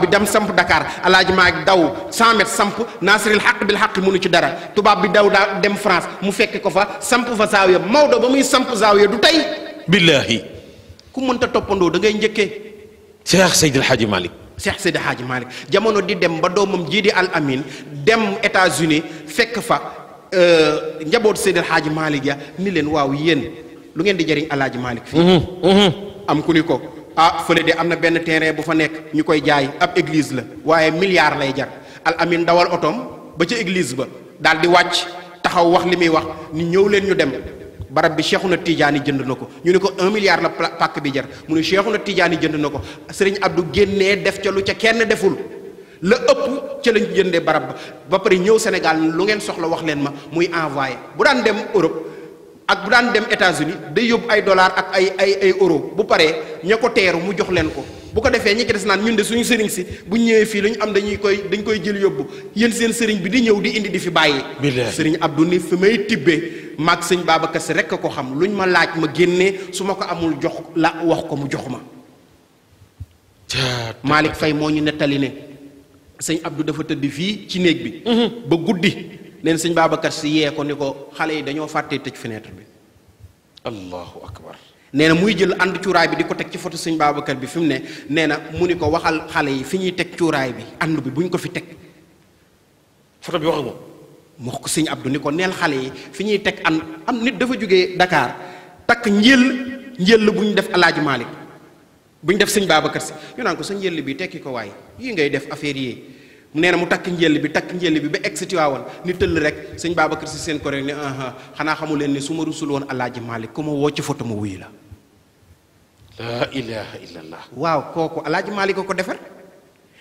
dem samp Dakar alaaj maa daw 100 mètres samp naasiril xaq bil xaq mënu ci dara tubaab bi daw daa dem France mu fekk ko fa samp fa zaawiya Maodo ba muy samp zaawiya du tey billaahi ku mënta toppandoo da ngay njëkkee Cheikh Seydil Hadji Malick Cheikh Seydi Hadji Malick jamono di dem ba doomam jii di Al Amin dem États-Unis fekk fa euh, njaboot Seydi Hadji Malick ya ni leen waaw yéen lu ngeen di jëriñ Alaaji Malick fii mhm, mhm. am ku ni ko ah fële de am na benn terrain bu fa nekk ñu koy jaay ab église la waaye milliard lay jar Al Amin dawal otoom ba ca église ba daal di wàcc taxaw wax li muy wax ni ñëw leen ñu dem barab bi Cheikhouna Tidiane jënd na ko ñu ne ko un milliard la pàkk bi jar mu ne Cheikhouna Tidiane jënd na ko sëriñ Abdou génnee def ca lu ca kenn deful la ëpp ca lañ jëndee barab ba ba pare ñëw Sénégal lu ngeen soxla wax leen ma muy envoyé bu daan dem Europe ak bu daan dem États-Unis day yóbbu ay dollars ak ay ay ay euro bu paree ña ko teeru mu jox leen ko bu ko defee ñi ci des naan ñun de suñu sëriñ si bu ñëwee fii lu am dañuy koy dañ koy jël yóbbu yéen seen sëriñ bi di ñëw di indi di fi bàyyi. sëriñ Abdou ni fi may tibbee. maag sëñ Babacar Si rekk a ko xam luñ ma laaj ma génnee su ma ko amul jox la wax ko mu jox ma Malick Fay moo ñu nettali ne sëñ Abdou dafa tëdd fii ci néeg bi mhm. ba guddi leen sëñ Babacar Si yee ko ni ko xale yi dañoo fàttee tëj fenêtre bi allahu akbar nee na muy jël ànd cuuraay bi di ko teg ci foto sëñ Babacar bi fi mu ne nee na mu ni ko waxal xale yi fi ñuy teg cuuraay bi ànd bi buñ ko fi teg foto bi wax moom mu wax ko sëñ Abdou ni ko neel xale yi fi ñuy teg an am nit dafa jóge dakaar takk njël njël bu ñu def alaaji Malick bu ñu def sëñ Babacar si ñu naan ko sa njël bi tekki ko waaye yii ngay def affaire yi nee mu takk njël bi takk njël bi ba egg si Tiwaawan ni tëll rek sëñ Babacar si seen ko rek ne xanaa xamu leen ni su ma rusul woon alaaji Malick ku ma woo ci foto ma wuyu la. la ilaha illallah. waaw kooku alaaji Malick ko ko defar.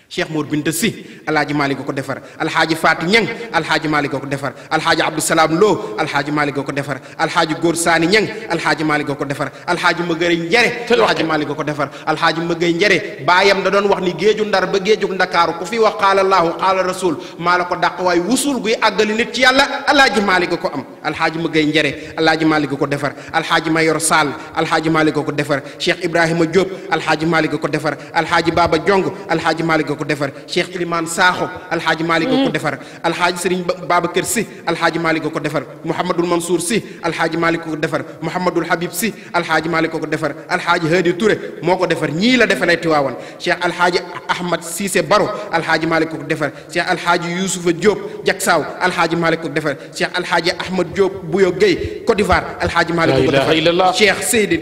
cheikh Mor Binta si alhaaji Malick ko defar alhaaji Faati Ñang alhaaji Malick ko defar alhaaji Abdou Salaam Lo alhaaji Malick ko defar alhaaji Góor Saani Ñang alhaaji Malick ko defar alhaaji Mëgëre Njare alhaaji Malick ko defar alhaaji Mëgëre Njare baayam da doon wax ni géeju ndar ba géeju ndakaaru ko fi wax qaala laahu qaala rasul maa la ko dàq waaye wusul guy àggali nit ci yàlla alhaaji Malick ko am alhaaji Mëgëre Njare alhaaji Malick ko defar alhaaji Mayor Sall alhaaji Malick ko defar cheikh Ibrahima Diop alhaaji Malick ko defar alhaaji Baba Jong alhaaji Malick ko defar Cheikh Ilimane Sakho alxaaji Malick ko defar alxaaji Serigne Babacar Sy alxaaji Malick ko defar Mouhamadul Mansour Sy alxaaji Malick ko defar Mouhamadul Habib Sy alxaaji Malick ko defar alxaaji Hadi Touré moo ko defar ñii la defalee Tiwaawan Cheikh alxaaji Ahmad Cissé Baro alxaaji Malick ko defar Cheikh alxaaji Youssoufa Diop Diaksaaw alxaaji Malick ko defar Cheikh alxaaji Ahmad Diop Bouyo Gueye Côte d'Ivoire alxaaji Malick ko defar Cheikh Seydi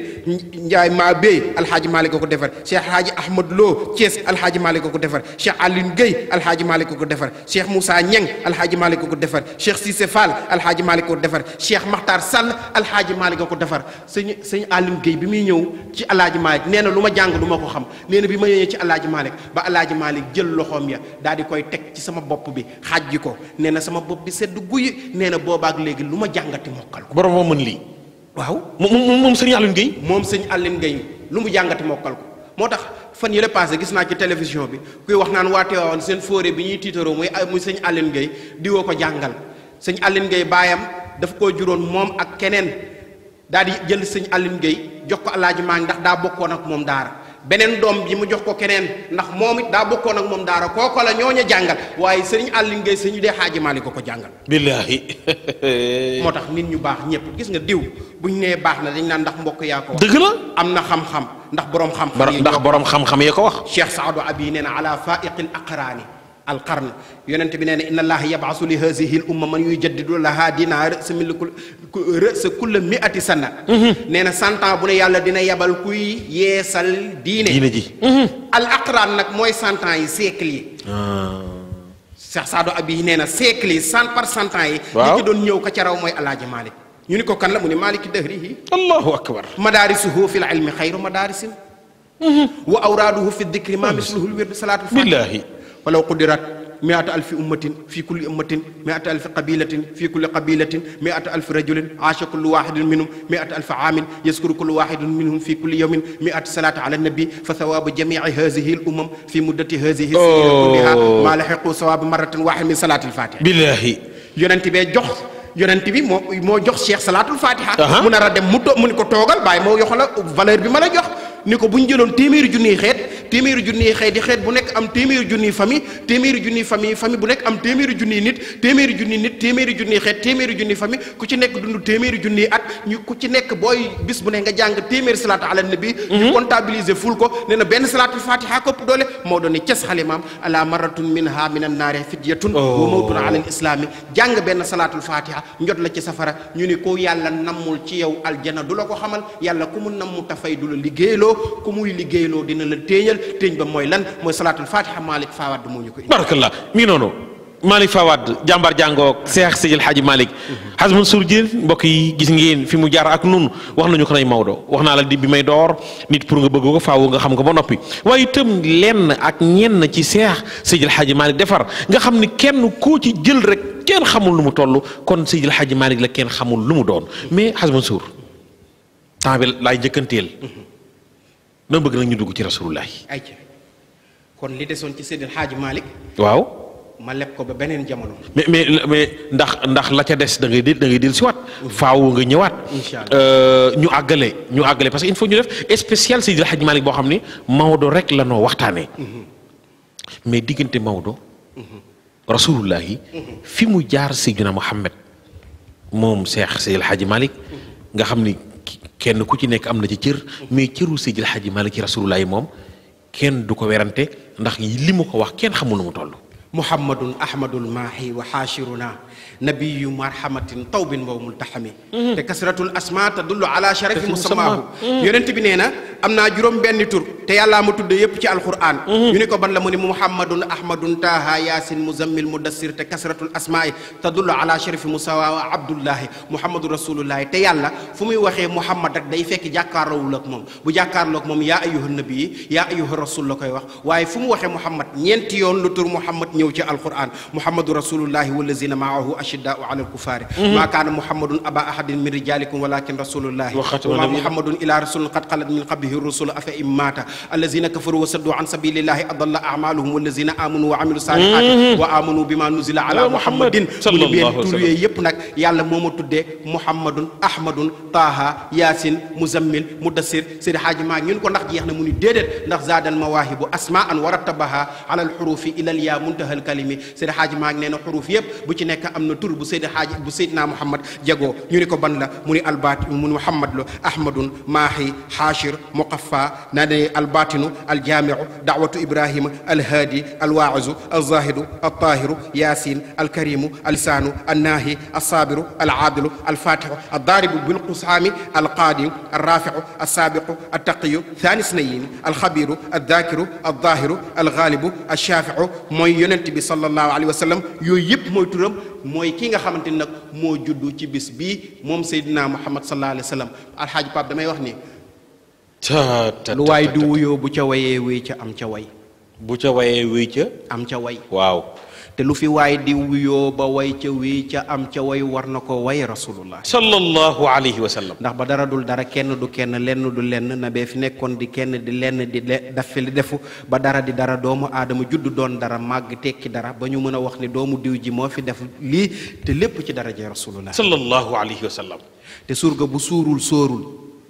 Ndiaye Mabey alxaaji Malick ko defar Cheikh alxaaji Ahmad Lo Thiès alxaaji Malick ko defar Cheikh Alioune Guèye alhaaji Malick ko defar Cheikh Moussa Niang alhaaji Malick ko defar Cheikh Cissé Fall alhaaji Malick ko defar Cheikh Makhtar Sall alhaaji Malick ko defar sëñ sëñ Alioune Guèye bi muy ñëw ci alhaaji Malick nee na lu ma jàng du ma ko xam nee na bi ma ñëwee ci alhaaji Malick ba alhaaji Malick jël loxoom ya daal di koy teg ci sama bopp bi xaaj ji ko nee na sama bopp bi sedd guy nee na boobaak léegi lu ma jàngati mokkal ko borom moo mën lii waaw moom moom sëñ Alioune Guèye moom sëñ Alioune Guèye lu mu jàngati mokkal moo tax fan yële passé gis naa ci télévision bi kuy wax naan waa Tiwaawan seen fóore bi ñuy tiitaroo muy muy sëñ Aline Gueye diwoo ko jàngal sëñ Aline Gueye baayam dafa koo juróon moom ak keneen daal di jënd sëñ Aline Gueye jox ko alaaji maa ngi ndax daa bokkoon ak moom daara beneen doom bi mu jox ko keneen ndax moom it daa bokkoon ak moom daara kooko la ñoo ña jàngal waaye àll Aliou Gueye sëriñ dee xaaji Malick ko ko jàngal. billaahi. moo tax nit ñu baax ñëpp gis nga diw bu ñu nee baax na dañ naan ndax mbokk yaa ko wax. dëgg la am na xam-xam ndax borom. xam-xam yi ndax borom xam-xam ko wax. Cheikh Saadu yi nee na ala faiqil aqraani alqarn yonent bi nee na inna allaha yabaasu li hazihi l umma man yujaddidu laha dina rës min ku rës kulla miati sanna mhm. nee na cent ans bu ne yàlla dina yabal kuy yeesal diine diine ji mhm. al aqran mooy cent yi siècle yi ah. Cheikh Saadu Abi nee na siècle yi cent par cent ans yi li ci doon ñëw ka ca raw mooy alaaji Malik ñu ni ko kan la mu ne maliki dahrihi allahu akbar madaarisuhu fi l ilmi xayru madaarisin mhm. fi dikri walaw qudirat miata alfi ummatin fi kulli ummatin miata alfi qabilatin fi kulli qabilatin miata alfi rajulin aasha kullu waxidin minhum miata alfi aamin yaskuru kullu waxidin minhum fi kulli yawmin miata salaat ala nabi fa sawaabu jamici haadihi l umam fi muddati haadihi sinina oh. kulliha maa laxiqu sawaabu maratan waxid min salaati alfatiha billahi yonent bee jox yonent bi moo moo jox cheikh salaatul fatiha mu nar a dem mu mu ni ko toogal bàyyi moo yoxala valeur bi ma la jox ni ko bu ñu jëloon téeméeri junniy xeet téeméeri junniy xeet yi bu nekk am téeméeri junniy famille téeméeri junniy famille famille bu nekk am téeméeri junniy nit téeméeri junniy nit téeméeri junniy xeet téeméeri junniy famille ku ci nekk dund téeméeri junniy at ñu ku ci nekk booy bis bu ne nga jàng téeméeri salaatu ala nabi mhm. ñu comptabiliser ful ko nee na benn salaatul fatiha kopp doole moo doon ne ces xalimaam ala maratun minha minan naari fidyatun wa oh. mawtun ala al islaami jàng benn salaatul fatiha njot la ci safara ñu ni ko yàlla nammul ci yow aljana du la ko xamal yàlla ku mu namm tafay du la liggéeyloo liggéeyloo muy liggéeyaloo dina la téeñal téeñ ba mooy lan mooy salaatul fatiha maalik Fawad moo ñu ko indi. barakallah mi noonu Malick Fawad jàmbaar jàngoo Seex Sidil Xaaji Malick Hasbul Surdiin mbokk yi gis ngeen fi mu jaar ak wax nañu ko nay Maodo wax naa la di bi may nit pour nga bëgg ko faaw nga xam ko ba noppi waaye itam lenn ak ñenn ci Seex Sidil Xaaji Malick defar nga xam ni kenn koo ci jël rek kenn xamul lu mu toll kon Sidil Xaaji Malick la kenn xamul lu mu doon mais Hasbul Sur temps bi laay njëkkanteel dama bëgg nag ñu dugg ci rasulullah kon li desoon ci Seydil Hadji Malick waaw ma leb ko ba beneen jamono. mais mais mais ndax ndax la ca des da ngay di da ngay dellu si waat. Mhm. faaw nga ñëwaat. Euh, ñu àggale ñu àggale parce que il faut ñu def spécial Seydil Hadji Malick boo xam ne Maodo rek la noo waxtaanee. Mhm. mais diggante Maodo. Mhm. rasulullah yi. fi mu jaar Seydina Muhammad moom Cheikh Seydil Hadji Malick nga xam ni. kenn ku ci nekk am na ci cër mais cëru Seydil Hadji Malick Rasulullah yi moom kenn du ko werante ndax li mu ko wax kenn xamul nu mu toll muhammadun ahmadul maahi wa xaashiruna nabiyu marhamatin tawbin wa multaxami mhm. te kasratul asma tadullu ala sharafi musamaahu mhm. yonent bi nee na am na juróom benn tur te yàllaa ma tudd yépp ci alquran mhm. ñu ne ko ban la mu ne muhammadun ahmadun taha yaasin muzammil mudassir te kasratul asmaa'i tadullu ala sharifi musawa abdullahi muhammadu rasulullahi te yàlla fu muy waxee muhammad rek day fekk jàkkaarloowul ak la waaye fu mu waxee muhammad ñeenti yoon lu muhammad ñëw ci alquran muhammadu rasulullahi wallazina maahu mhm. kaana muhammadun aba ahadin min rijalikum walakin rasulullahi wa ma muhammadun ila rasulin qad xalat min allazina kafaru wa saddu an sabilillahi adalla amaluhum wallazina amanu wa amilu salihati wa amanu bima nuzila ala muhammadin mu ne benn tur yooyu yëpp nag yàlla moo ma tuddee muhammadun ahmadun taaha yaasin muzammil mudassir sëriñ xaaji maa ngi ko ndax jeex na mu ni déedéet ndax zaadal mawaahibu asmaan wa rattabaha ala alxurufi ila alyaa muntahal kalimi sëriñ xaaji maa ngi nee na xuruf yëpp bu ci nekk am na tur bu sëriñ xaaji bu seydina muhammad jagoo ñu ni ko ban la mu ni albaat mu ni muhammad lu ahmadun maahi xaashir muqaffa naa ne albaatinu aljaamiu daawatu ibrahima alhaadi alwaa'izu alzaahidu altaahiru yaasiin alkarimu allisaanu annaahi alsaabiru alaadilu alfaatixu aldaaribu bilqusaami alqaadiyu alraaficu alsaabiqu altaqiyu thaanis nayin alxabiru aldaakiru aldaahiru algaalibu alshaaficu mooy yonent bi sallallahu alayhi wa sallam yooyu yëpp mooy turam mooy ki nga xamante ni nag moo juddu ci bis bii moom Seydina Muhammad sallallahu alayhi wa sallam alxaaji Pape damay wax ni lu waay du wuyoo bu ca wayee wéy ca am ca way bu ca wayee wéy ca am ca way te lu fi waay di wuyoo ba way ca wéy ca am ca way war na ko way rasulullah sallallahu alayhi wa sallam ndax ba dara dara kenn du kenn lenn du lenn na bee fi nekkoon di kenn di lenn di def li defu ba dara di dara doomu aadama judd doon dara màgg tekki dara ba ñu mën a wax ni doomu diw ji moo fi def lii te lépp ci daraje rasulullah sallallahu alayhi wa sallam te surga bu suurul sóorul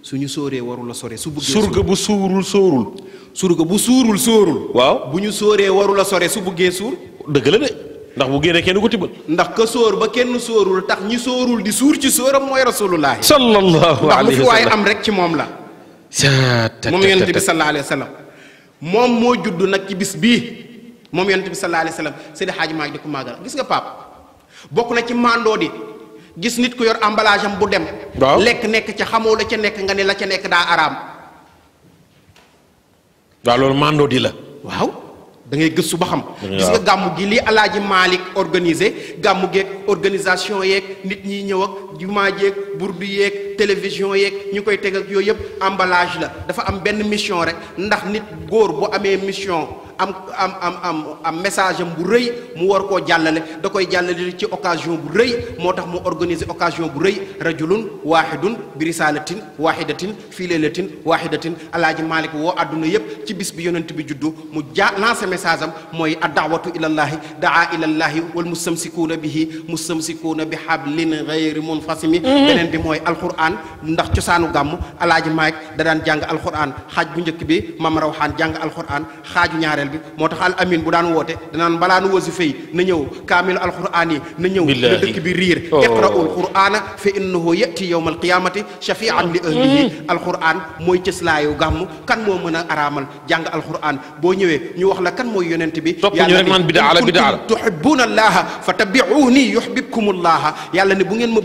suñu sóoree warul sore su bëggee surga bu suurul sóorul surga bu suurul sóorul waaw bu ñu sóoree warul a sore su bëggee suur dëgg la de ndax bu génnee kenn ko tibbal ndax ka sóor ba kenn sóorul tax ñi soorul di suur ci sóoram mooy rasulullahi sallallahu alayhi wa ndax lu fi waaye am rek ci moom la moom yonent bi sallallahu alayhi wa sallam moom moo judd nag ci bis bii moom yonent bi sallallahu alayhi wa sallam Seydi Hadji Malick di ko maagal gis nga pap bokk na ci mandoo di gis nit ku yor emballage am bu dem. waaw lekk nekk ca xamoo la ca nekk nga ne la ca nekk daa araam. waaw loolu mandoo di la. waaw dangay ngay gëstu ba xam. gis nga gàmmu gi lii alaaji Malick organisé gàmmu geek organisation yeeg nit ñi ñëw ak jumaa jeeg burdu yeeg télévision yeeg ñu koy teg ak yooyu yëpp emballage la dafa am benn mission rek ndax nit góor bu amee mission. am am am am am message am bu rëy mu war koo jàllale da koy jàllale ci occasion bu rëy moo tax mu organiser occasion bu rëy rajulun waahidun bi risalatin waahidatin fii leelatin waahidatin alaaji Malick woo àdduna yëpp ci bis bi yonent bi juddu mu ja lancé message am mooy addaawatu ilallahi daa ilallahi wal mustamsikuuna bihi mustamsikuuna bi hablin ghayri munfasimi mhm. beneen bi mooy alquran ndax cosaanu gàmmu alaaji Malick da jàng jàng alquran xaaj bu njëkk bi mam rawxaan jàng alquran xaaju ñaare ñaareel bi moo tax al amin bu daan woote danaan mbalaanu wasifa yi na ñëw kaamil alquran yi na ñëw na dëkk bi riir oh. iqra'ul qur'ana fa innahu yati yawma alqiyamati shafi'an mm. mooy cëslaayu gàmm kan moo mën a araamal jàng alquran boo ñëwee ñu wax la kan mooy yonent bi yàlla ne kuntum tuhibbuna allaha fattabi'uni yuhibbukum allaha yàlla ne bu ngeen ma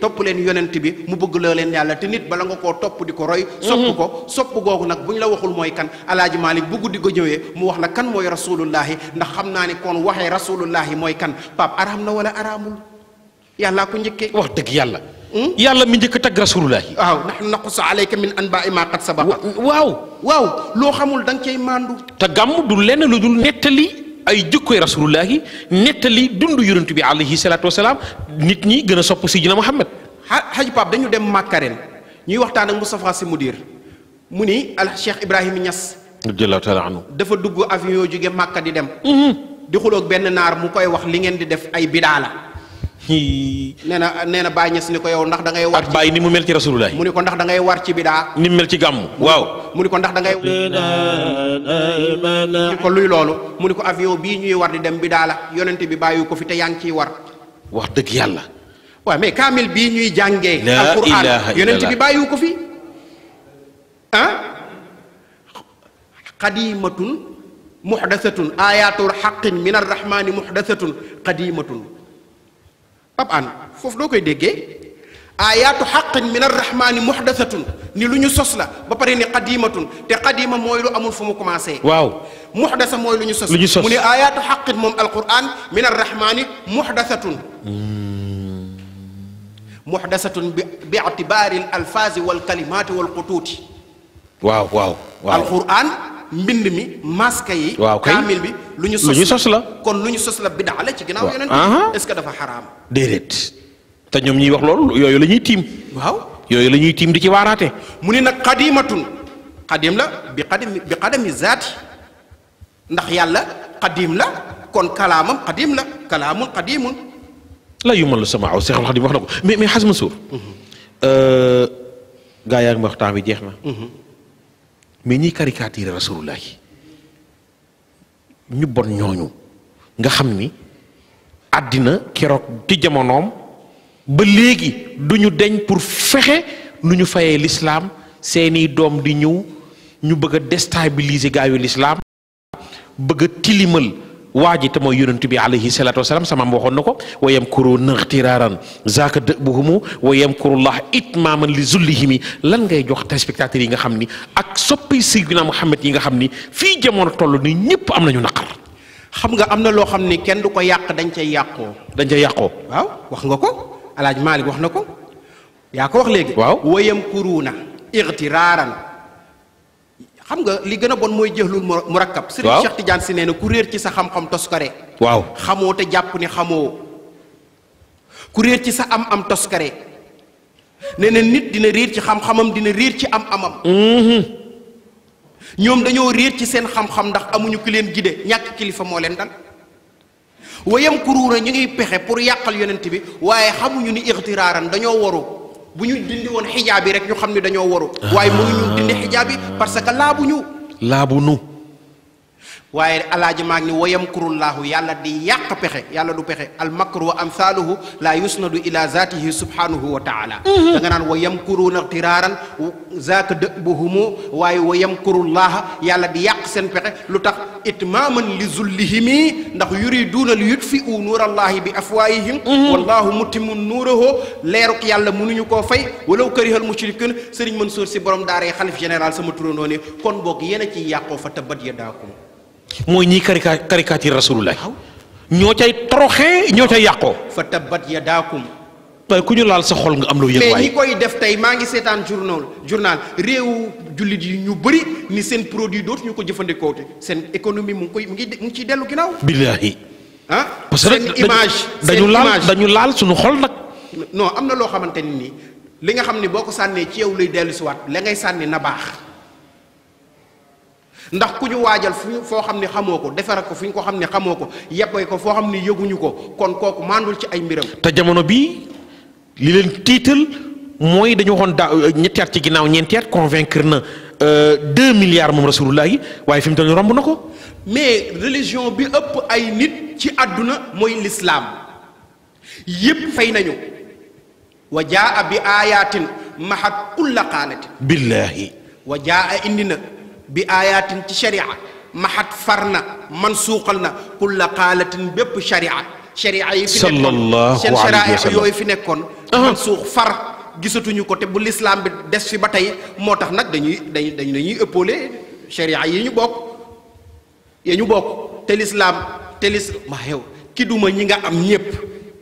topp leen yonent bi mu bëgg la leen yàlla te nit bala nga koo topp di ko roy sopp mm-hmm. ko sopp googu nag bu ñu la waxul mooy kan alaaji maalik bu guddi ko ñëwee mu wax wax la kan mooy rasulullahi ndax xam naa ne kon waxee rasulullahi mooy kan pap araam na wala araamul yàllaa ko njëkkee wax dëgg yàlla hmm? yàlla mu njëkk tagg rasulullahi waaw nahnu naqussu alayka min anba'i ma qad sabaqa waaw waaw loo xamul da nga cay màndu te gàmm du lenn lu dul nettali ay jikkoy rasulullahi nettali dund yonent bi alayhi salaatu wasalaam nit ñi gën a sopp sidina Muhammad xaj pap dañu dem Màkka ren ñuy waxtaan ak Moustapha Sy Moudir mu ni al Cheikh Ibrahima Niass jalla taala anhu dafa dugg avion jóge Màkka di dem. Mm-hmm. di xuloog benn naar mu koy wax li ngeen di def ay bidaa la. nee na nee na ko yow ndax da ngay. war ci Baay ni mel ci rasulullah. mu ni ko ndax da ngay war ci bidaa. ni mel ci gàmm waaw. mu ko ndax da ngay. ni mu ni ko avion bii ñuy war di dem bidaa la yonent bi bàyyi ko fi te yaa ciy war. wax dëgg yàlla. waaw mais kaamil bii ñuy ko fi ah. qadimatun muhdasatun ayatul xaqin min arrahmani muhdasatun qadimatun pap an foofu doo koy déggee ayaatu xaqin min arrahmani muhdasatun ni lu ñu sos la ba pare ni qadimatun te qadima mooy lu amul fu mu commencé waaw muhdasa mooy lu ñu sos mu ne ayaatu xaqin moom alquran min arrahmani muhdasatun hmm. muhdasatun bi bi itibaari alfaazi walkalimaati walxutuuti waaw waaw waaw alquran mbind mi maska yi. waaw kay kaamil bi lu ñu. sos la kon lu ñu sos la bidaa la ci ginnaaw yonent bi est-ce que dafa xaraam. déedéet te ñoom ñuy wax loolu yooyu la ñuy tiim. waaw yooyu la ñuy tiim di ci waaraate. mu ni nag xadimatun xadim la bi xadim bi zaati ndax yàlla xadim la kon kalaamam xadim la kalaamun xadimun. la yumal sama aw Seexul Xadim wax na ko mais mais xas ma suur. Mhm. Euh, gaa yaa ngi wax temps jeex na. Mhm. mais ñiy caricature rasulullah ñu bon ñooñu nga xam ni àddina keroog ci jamonoom ba léegi du ñu deñ pour fexe nu ñu fayee lislaam seeni doom di ñëw ñu bëgg a déstabiliser gaayu lislaam bëgg a tilimal waa ji te mooy yonent bi alayhi salaatu wasalaam sama maam waxoon na ko wa yamkuruuna ixtiraaran zaaka dëbuhumu wa yamkurullah itmaaman li zullihimi lan ngay jox téléspectateurs yi nga xam ni ak soppi Seydina Muhammad yi nga xam ni fii jamono toll ni ñëpp am nañu naqar xam nga am na loo xam ni kenn du ko yàq dañ cay yàqoo dañ cay yàqoo waaw wax nga ko alaaj Maalik wax na ko yaa ko wax léegi waaw wa yamkuruuna ixtiraaran xam nga li gën a bon mooy jëxlul murakkab Serigne Cheikh Tidiane si nee na ku réer ci sa xam-xam toskare waaw xamoo te jàpp ni xamoo ku réer ci sa am-am toskare nee na nit dina réer ci xam dina réer ci am-amam mm-hmm. ñoom dañoo réer ci seen xam-xam ndax amuñu ki leen gide ñàkk kilifa moo leen dal wayam kuruuna ñu ngiy pexe pour yàqal yonent bi waaye xamuñu ni ixtiraaran dañoo waru bu ñu dindi woon xijaab yi rek ñu xam ne dañoo waru waaye mënuñu dindi xijaab yi parce que laabu ñu laabu nu waaye alaaji maag ni wa yamkurullaahu yàlla di yàq pexe yàlla du pexe al makru wa amthaaluhu laa yusnadu ila zaatihi subhanahu wa taala mhm. da nga naan wa yamkuruuna tiraaran zaaka dëbuhumu waaye wa yamkurullaaha yàlla bi yàq seen pexe lu tax itmaaman li zullihimi ndax yuriduuna li yutfiu nuurallaahi bi afwaayihim mhm. wallaahu mutimu nuurahu leeruk yàlla mënuñu koo fay walaw karihal mushrikuun sëriñ Mansour si borom daar e xalif général sa turandoo ne kon boog yéen a ciy yàqoo fa tabat ya daakum mooy ñiy carica caricature rasulullah ñoo cay toroxee ñoo cay yàqoo. fa tabbat daakum te ku ñu laal sa xol nga am loo yëg. waaye mais ñi koy def tey maa ngi seetaan journal journal réew jullit yi ñu bëri ni seen produit dootu ñu ko jëfandikoo te seen économie mu ngi koy mu ngi mu ngi ciy dellu ginnaaw. billaahi. ah parce que image dañu laal dañu laal suñu xol nag. noo am na loo xamante ni nii li nga xam ne boo ko sànnee ci luy lay dellusiwaat la ngay sànni na baax. ndax ku ñu waajal foo xam ne xamoo ko defare ko fi ñu ko xam ne xamoo ko yeppee ko foo xam ne yëguñu ko kon kooku mandul ci ay mbiram. te jamono bii li leen tiital mooy dañu waxoon daaw euh, ñetti ci ginnaaw ñeenti at convaincre na euh, deux milliards moom rasulullah waaye fi mu toll romb na ko. mais religion bi ëpp ay nit ci adduna mooy lislaam yépp fay nañu. wa jaa bi aayatin maxat kulla qaalatin. billaahi. wa jaa indi na. bi aayatin ci sharia maxat far na man suuqal na kulla qaalatin bépp sharia sharia yi fi nekkoon yooyu fi nekkoon man suux far gisatuñu ko te bu lislaam bi des fi ba tey moo tax nag dañuy dañ dañ dañuy ëppoole sharia yi ñu bokk yi ñu bokk te lislaam te lis ma xew ki ñi nga am ñépp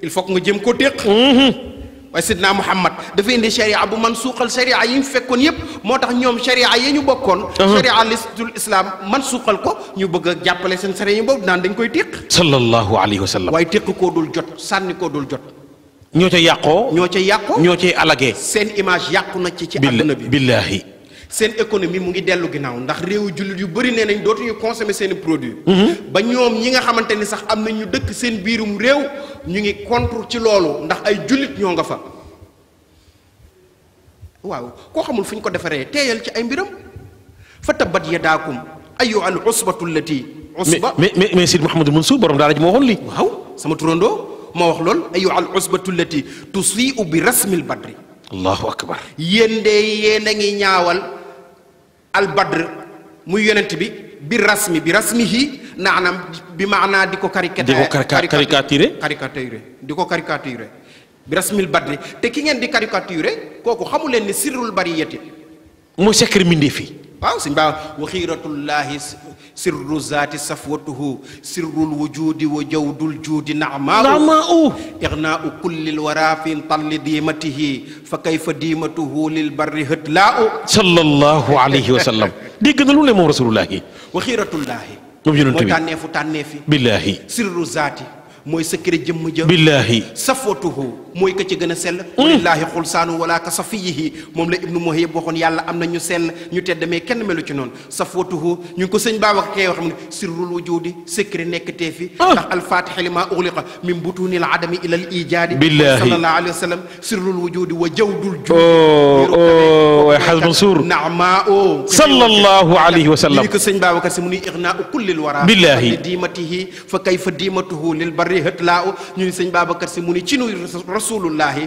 il faut nga jëm ko téq mhm. waaye sidna Muhammad dafa indi sharia bu man suuxal sharia yi ñu fekkoon yëpp moo tax ñoom sharia yi ñu bokkoon. Uh-huh. sharia listul islam man suuqal ko ñu bëgg a jàppale seen sharia yi boobu naan dañ koy téq. sallallahu alayhi wa sallam. waaye téq koo dul jot sànni koo dul jot. ñoo ca yàqoo. ñoo ca yàqoo ñoo cay alage. seen image yàqu na ci ci àdduna bi billaahi seen économie mu ngi dellu ginnaaw ndax réew jullit yu bëri nee nañ dootuñu consommer seen i mhm. ba ñoom ñi nga xamante ni sax am na ñu dëkk seen biirum réew ñu ngi contre ci loolu ndax ay jullit ñoo nga fa. waaw koo xamul fu ñu ko defaree teeyal ci ay mbiram fa tabbat yadaakum ayu al usbatu allati usba mais mais mais Sidi Mouhamadou Mansour borom daara ji moo waxoon lii. waaw sama turandoo moo wax lool ayu al usbatu allati tusiu bi rasmil badri allahu akbar yéen de yéen a ngi ñaawal albadr muy yonent bi bi rasmi bi rasmihi naanam bi maanaa di ko caricature caricature di ko caricature bi rasmil badri te ki ngeen di caricature kooku xamu leen ni sirrul bariyati mooy secret mbindéef yi waaw suñ baa wa xiiratullahi sirru zaati safwatuhu sirrul wujudi wa jawdul juudi naamaau ixnaau kullil wara fi ntalli diimatihi fa kayfa diimatuhu lil barri hëtlaau sallallahu alayhi wa sallam dégg na lu ne moom rasulullahi wa xiiratullahi moom yonent bi mooy tànneefu tànneefi billaahi sirru zaati mooy secret jëmm ja billaahi safwatuhu mooy ka ci gën a sell mm. walillaahi xulsaanu wala ka safiyihi moom la ibnu muhayib waxoon yàlla am na ñu sell ñu tedd mais kenn melu ci noonu safwatuhu ñu ngi ko sëñ Babacar Keye wax mu ne sirrul wujudi secret nekk tee fi ah. ndax alfaatixe li maa uxliqa min butunil adami ila al ijaadi sallallahu alayhi wa sallam sirrul wujudi wa jawdul juudi naama o sallallahu alayhi wa sallam lii ko sëñ Babacar si mu ni ixnaa u kullil wara billahi diimatihi fa mu ni rasulullahi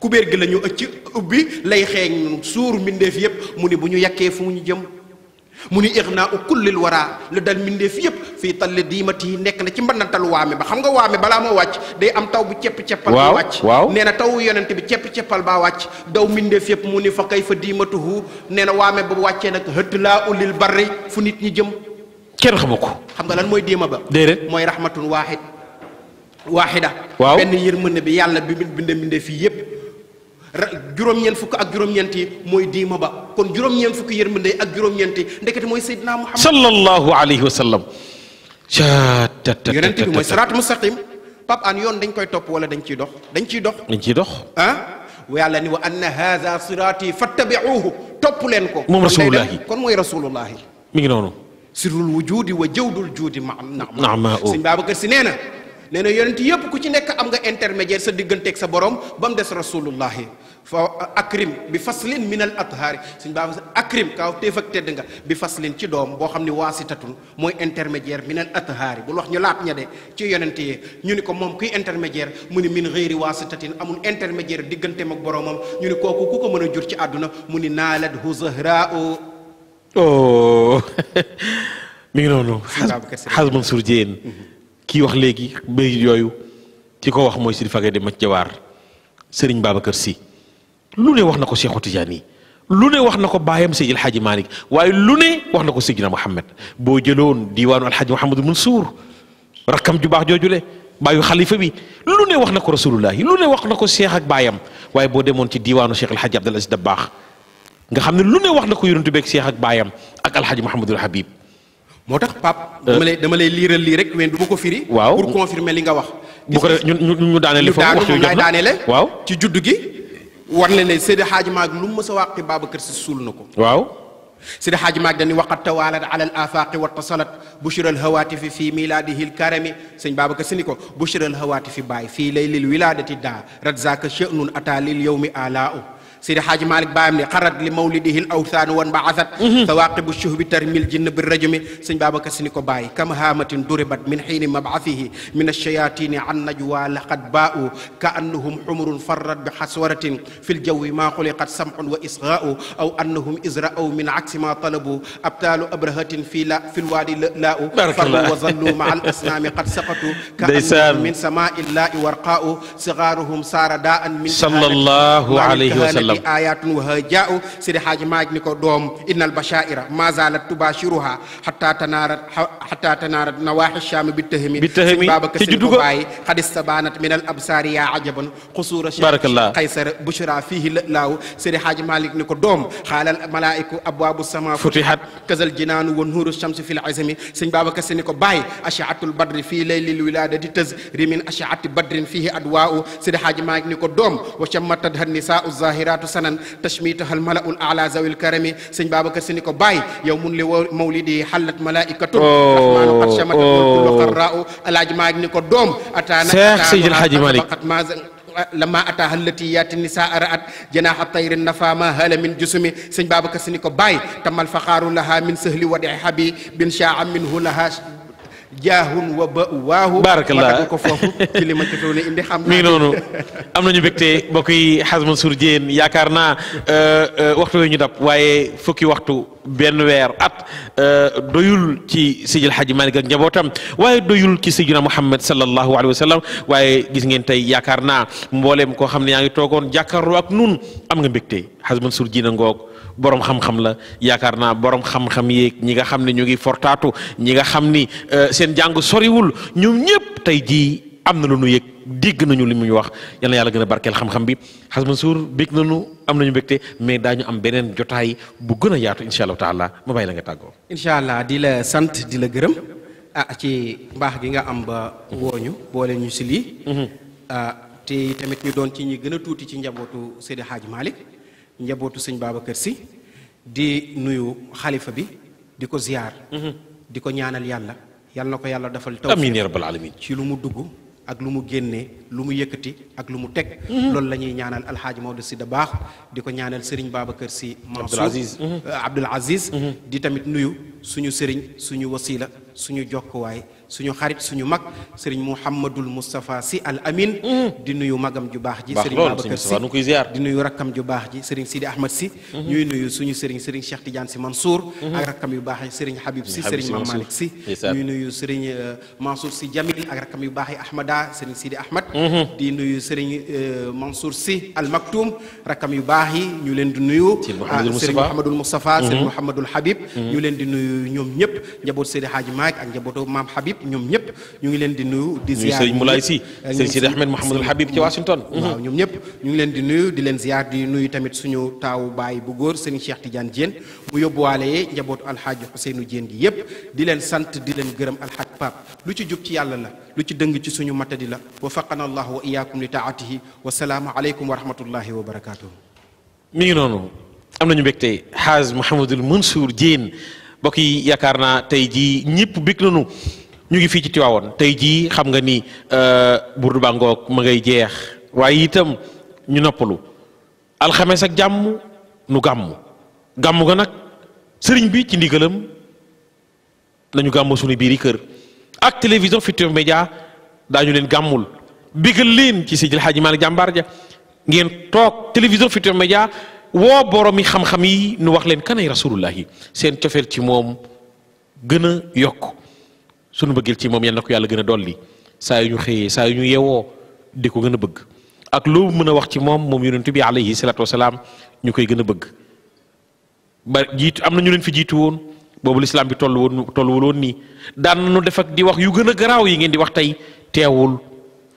kubéer gi la ñu ëcc ubbi lay xeeñ suur mbindeef yépp mu ni bu ñu yàkkee fu ñu jëm mu ni naa u kullil wara la dal mbindeef yépp fii talle diimati yi nekk na ci mbandantal waame ba xam nga waame balaa mooy wàcc day am taw bu cepp-ceppal ba wàcc nee na taw yonent bi cepp-ceppal baa wàcc daw mbindeef yépp mu ni fa kay fa diimatuhu nee na waame ba wàccee nag hëtt laa ulil barri fu nit ñi jëm kenn xamu ko xam nga lan mooy diima ba déedéet mooy rahmatun waahid waaxida waaw benn yërmande bi yàlla bi binde binde fii yépp juróom-ñeent fukk ak juróom-ñeent yi mooy diima ba kon juróom-ñeent fukk yërmande yi ak juróom-ñeent yi ndekete mooy Seydina Muhammad sallallahu alayhi wa sallam yonent bi mooy siraat mustaqim Pape an yoon dañ koy topp wala dañ ciy dox dañ ciy dox dañ ciy dox ah yàlla ni wa anna haza siraati fattabiuhu topp leen ko moom rasulullahi kon mooy rasulullahi mi ngi noonu sirrul wujudi wa jawdul juudi ma naama oh. sëñ Babacar si nee na nee na yonent yëpp ku ci nekk am nga intermédiaire sa digganteek sa borom ba mu des rasulullahi fa akrim bi faslin minal athaari suñ baa akrim kaw téef ak tedd nga bi faslin ci doom boo xam ni waasitatun mooy intermédiaire minal athaari bul wax ñu laab ña de ci yonent yi ñu ni ko moom kuy intermédiaire mu ni min ghairi waasitatin amul intermédiaire digganteem ak boromam ñu ni kooku ku ko mën a jur ci àdduna mu ni naalat hu zahraau oh mi ngi noonu kii wax léegi bayit yooyu ci ko wax mooy Sidi Fagay de Mac Jawaar Serigne Babacar Sy lu ne wax na ko Cheikhu Tidiane yi lu ne wax na ko baayam Seydi El Hadji Malick waaye lu ne wax na ko Seydina Mouhamed boo jëloon diiwaanu Alhaji Mouhamadul Mansour rakkam ju baax baay baayu xalifa bi lu ne wax na ko rasulullahi lu ne wax na ko Cheikh ak baayam waaye boo demoon ci diiwaanu Cheikh El Hadji Abdou Aziz Dabakh nga xam ne lu ne wax na ko yonentu beeg Cheikh ak baayam ak Alhaji Mouhamadul Habib moo tax Pape euh. dama lay liiral lii rek wen du ma ko firi. waaw pour li nga wax. bu ko ñu ñu ñu daanelee foofu wax lay daanelee. waaw ci juddu gi. war na ne Seydi xaaj Maag lu mu mës a baaba Babacar Si suul na ko. waaw. Seydi Hadji Maag dañuy waqat tawaalat ala al afaaqi wa tasalat bushira al fi fii milaadihi l karami sëñ Babacar Si ni ko bu bushira al fi baay fii laylil wilaadati daa rat zaaka sha'nun ataa lil yawmi alaa'u Sidi Xaaji Malik baayam ne xarat li mawlidihil awsaanu wan ba asat mhm. sawaqibu shuhbi tarmil jinn bi rajumi sëñ Babacar Si ni ko bàyyi kama haamatin duribat min xiini mab'athihi min ash-shayaatini an najwa laqad baa'u ka annahum xumrun farrat bi xaswaratin fi ljawi maa xuliqat samxun wa isgaa'u aw annahum izra'u min aksi ma talabu abtaalu abrahatin fi la fi lwaadi laa'u farru wa zallu maa al asnaami qad saqatu ka annahum min samaai llaa'i warqaa'u sigaaruhum saara daa'an min sallallahu alayhi wa sallam bihi ayatun wa hajaa'u sidi haaji maaj doom innal bashaa'ira ma zalat tubashiruha hatta tanarat hatta tanarat nawahi sham bi tahmi bi tahmi ci juddu ko bàyyi xadis sabanat min al absari ya ajaban xusura barakallah qaysar bushra fihi laaw sidi haaji malik ni ko doom xaalal malaiku abwaabu sama futihat kazal jinaanu wa nuuru shamsi fil azmi sëñ Babacar Si ni ko bàyyi ashaatul badri fii laylil wiladati tëz rimin ashaati badrin fihi adwaa'u sidi haaji malik ni doom wa shammatadha nisaa'u salaatu sanan tashmituhal malaul ala zawil karami sëñ Babacar Si ni ko bàyyi yow mun li mawlidi xallat malaikatun rahmaanu oh, qad chamata oh. kullu doom ataana Cheikh Seydil Hadji lama ata hallati yaati nisa araat janaha tayri nafa ma hala min jusumi sëñ Babacar Si ni ko bàyyi tamal faxaaru laha min sahli wadi habi bin shaa minhu laha jaahun wa ba waahu. baarakallah li ma ci doon indi mi noonu am nañu mbégte mbokk yi Hazma Sour Dieng yaakaar naa euh, euh, waxtu wi ñu waaye fukki waxtu benn weer at euh, doyul ci Seydil Hadji Malick ak njabootam waaye doyul ci Seydina Muhammad sallallahu alayhi wa sallam waaye gis ngeen tey yaakaar naa mbooleem koo xam ne yaa ngi toogoon jàkkaarloo ak nun am nga mbégte Hazma Sour Dieng ngoog. boroom xam-xam la yaakaar naa borom xam-xam yeeg ñi nga xam ne ñu ngi fortaatu ñi nga xam ni euh, seen jàng soriwul ñoom ñëpp tey jii am na lu nu yëg dégg nañu li muy wax yal na yàlla gën a barkeel xam-xam bi xas Mansour na nañu am nañu bégte mais daañu am beneen jotaay bu gën a yaatu incha allahu taala ma bàyyi la allah di la sant di la gërëm ah ci mbaax gi nga am ba mhm. wooñu boole ñu si lii. Mhm. Ah, te tamit ñu doon ci ñi gën a tuuti ci njabootu Seydi Hadj Malick njabootu sëñ kër si di nuyu xalifa bi di ko ziyaar mhm. di ko ñaanal yàlla yàlla na ko yàlla defal taw amiin yaa ci lu mu dugg ak lu mu génnee lu mu yëkkati ak lu mu teg mhm. loolu la ñuy ñaanal alxaaji Maodo si da baax di ko ñaanal sëriñ kër si Mansour Abdoul euh, mhm. di tamit nuyu suñu sëriñ suñu wasila suñu jokkuwaay suñu xarit suñu mag sëriñ Mouhamadul Moustapha Sy al Amin. Mm-hmm. di nuyu magam ju baax ji. sëriñ Babacar Sy di nuyu rakkam ju baax ji sëriñ Sidi Ahmed Sy. Mm-hmm. ñuy nuyu suñu sëriñ sëriñ Cheikh Tidiane Sy Mansour. Mm-hmm. ak rakkam yu baax yi sëriñ Habib Sy sëriñ Mame Malick Sy. ñuy nuyu sëriñ euh, Mansour si Jamil ak rakkam yu baax yi Ahmada sëriñ Sidi Ahmed. di nuyu sëriñ euh, Mansour si al Maktoum rakkam yu baax yi ñu leen di nuyu. Ah, sëriñ Mouhamadul Moustapha sëriñ Mouhamadul Habib. ñu leen di nuyu ñoom ñëpp njaboot Seydi Hadji Malick ak njabootu Maam Habib ñoom ñëpp ñu ngi leen di nuyu di ziar sëriñ Moulay Si sëriñ Sidi Ahmed Mouhamadul ñoom ñëpp ñu ngi leen di nuyu di leen ziar di nuyu tamit suñu taawu baay bu góor sëriñ Cheikh Tidiane Diène mu yóbbuwaale njabootu alxaaji Ousseynou Diène gi yëpp di leen sant di leen gërëm alxaaj Pape lu ci jub ci yàlla la lu ci dëng ci suñu matadi la wafaqana allah wa iyaakum li taatihi wa salaamu aleykum wa rahmatullahi wa barakatuh mi ngi noonu am nañu mbégte xaaj Mouhamadul Mansour Diène mbokk yi yaakaar naa tey jii ñëpp bég nañu ñu ngi fii ci Tiwaawoon tey jii xam nga ni euh, burdu bàngoog ma ngay jeex waaye itam ñu noppalu alxames ak jàmm nu gàmm gàmm ga nag sëriñ bi ci ndigalam nañu gàmm suñu biiri kër ak télévision Futurs Médias daañu leen gàmmul bigal leen ci Seydil Hadji Malick jàmbaar ja ngeen toog télévision Futurs Médias woo boromi xam-xam yi nu wax leen kanay rasulullah yi seen cofeel ci moom gën a yokk sunu bëggeel ci moom yal na ko yàlla gën a dolli saa yu ñu xëyee saa yu ñu yewoo di ko gën a bëgg ak loo mën a wax ci moom moom yonent bi alayhi salaatu wasalaam ñu koy gën a bëgg ba jiitu am na ñu leen fi jiitu woon boobu lislaam bi toll woon tolluwul woon nii daan nañu def ak di wax yu gën a garaaw yi ngeen di wax tey teewul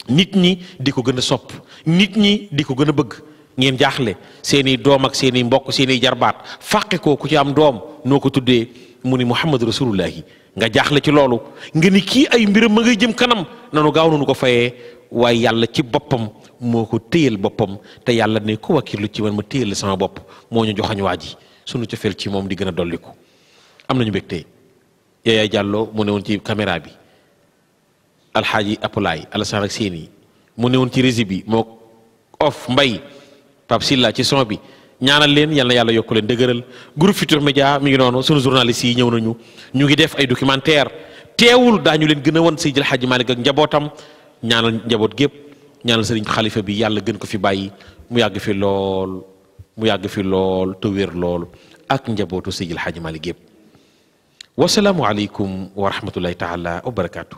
nit ñi di ko gën a sopp nit ñi di ko gën a bëgg ngeen jaaxle seeni doom ak seeni mbokk seeni jarbaat fàqe koo ku ci am doom noo ko tuddee mu ni muhammad rasulullahi nga jaaxle ci loolu nga ni kii ay mbiram ma nga jëm kanam nanu gaaw nanu ko fayee waaye yàlla ci boppam moo ko téyal boppam te yàlla ne ku lu ci man ma téyal sama bopp moo ñu joxañ waa ji sunu cofeel ci moom di gën a dolliku am nañu mbégte Yaya Diallo mu newoon ci caméra bi alxaaji apulaay Alassane ak seeni mu newoon ci régie bi moo of mbay Pape Silla ci son bi ñaanal leen yal na yàlla yokk leen dëgëral groupe Futurs Médias mi ngi noonu sunu journaliste yi ñëw nañu ñu ngi def ay documentaire teewul ñu leen gën a wan Seydil Hadji Malick ak njabootam ñaanal njaboot gépp ñaanal sëriñ xalifa bi yàlla gën ko fi bàyyi mu yàgg fi lool mu yàgg fi lool te wér lool ak njabootu Seydil Hadji Malick gépp wasalaamualeykum wa rahmatullahi taala wa barakaatu.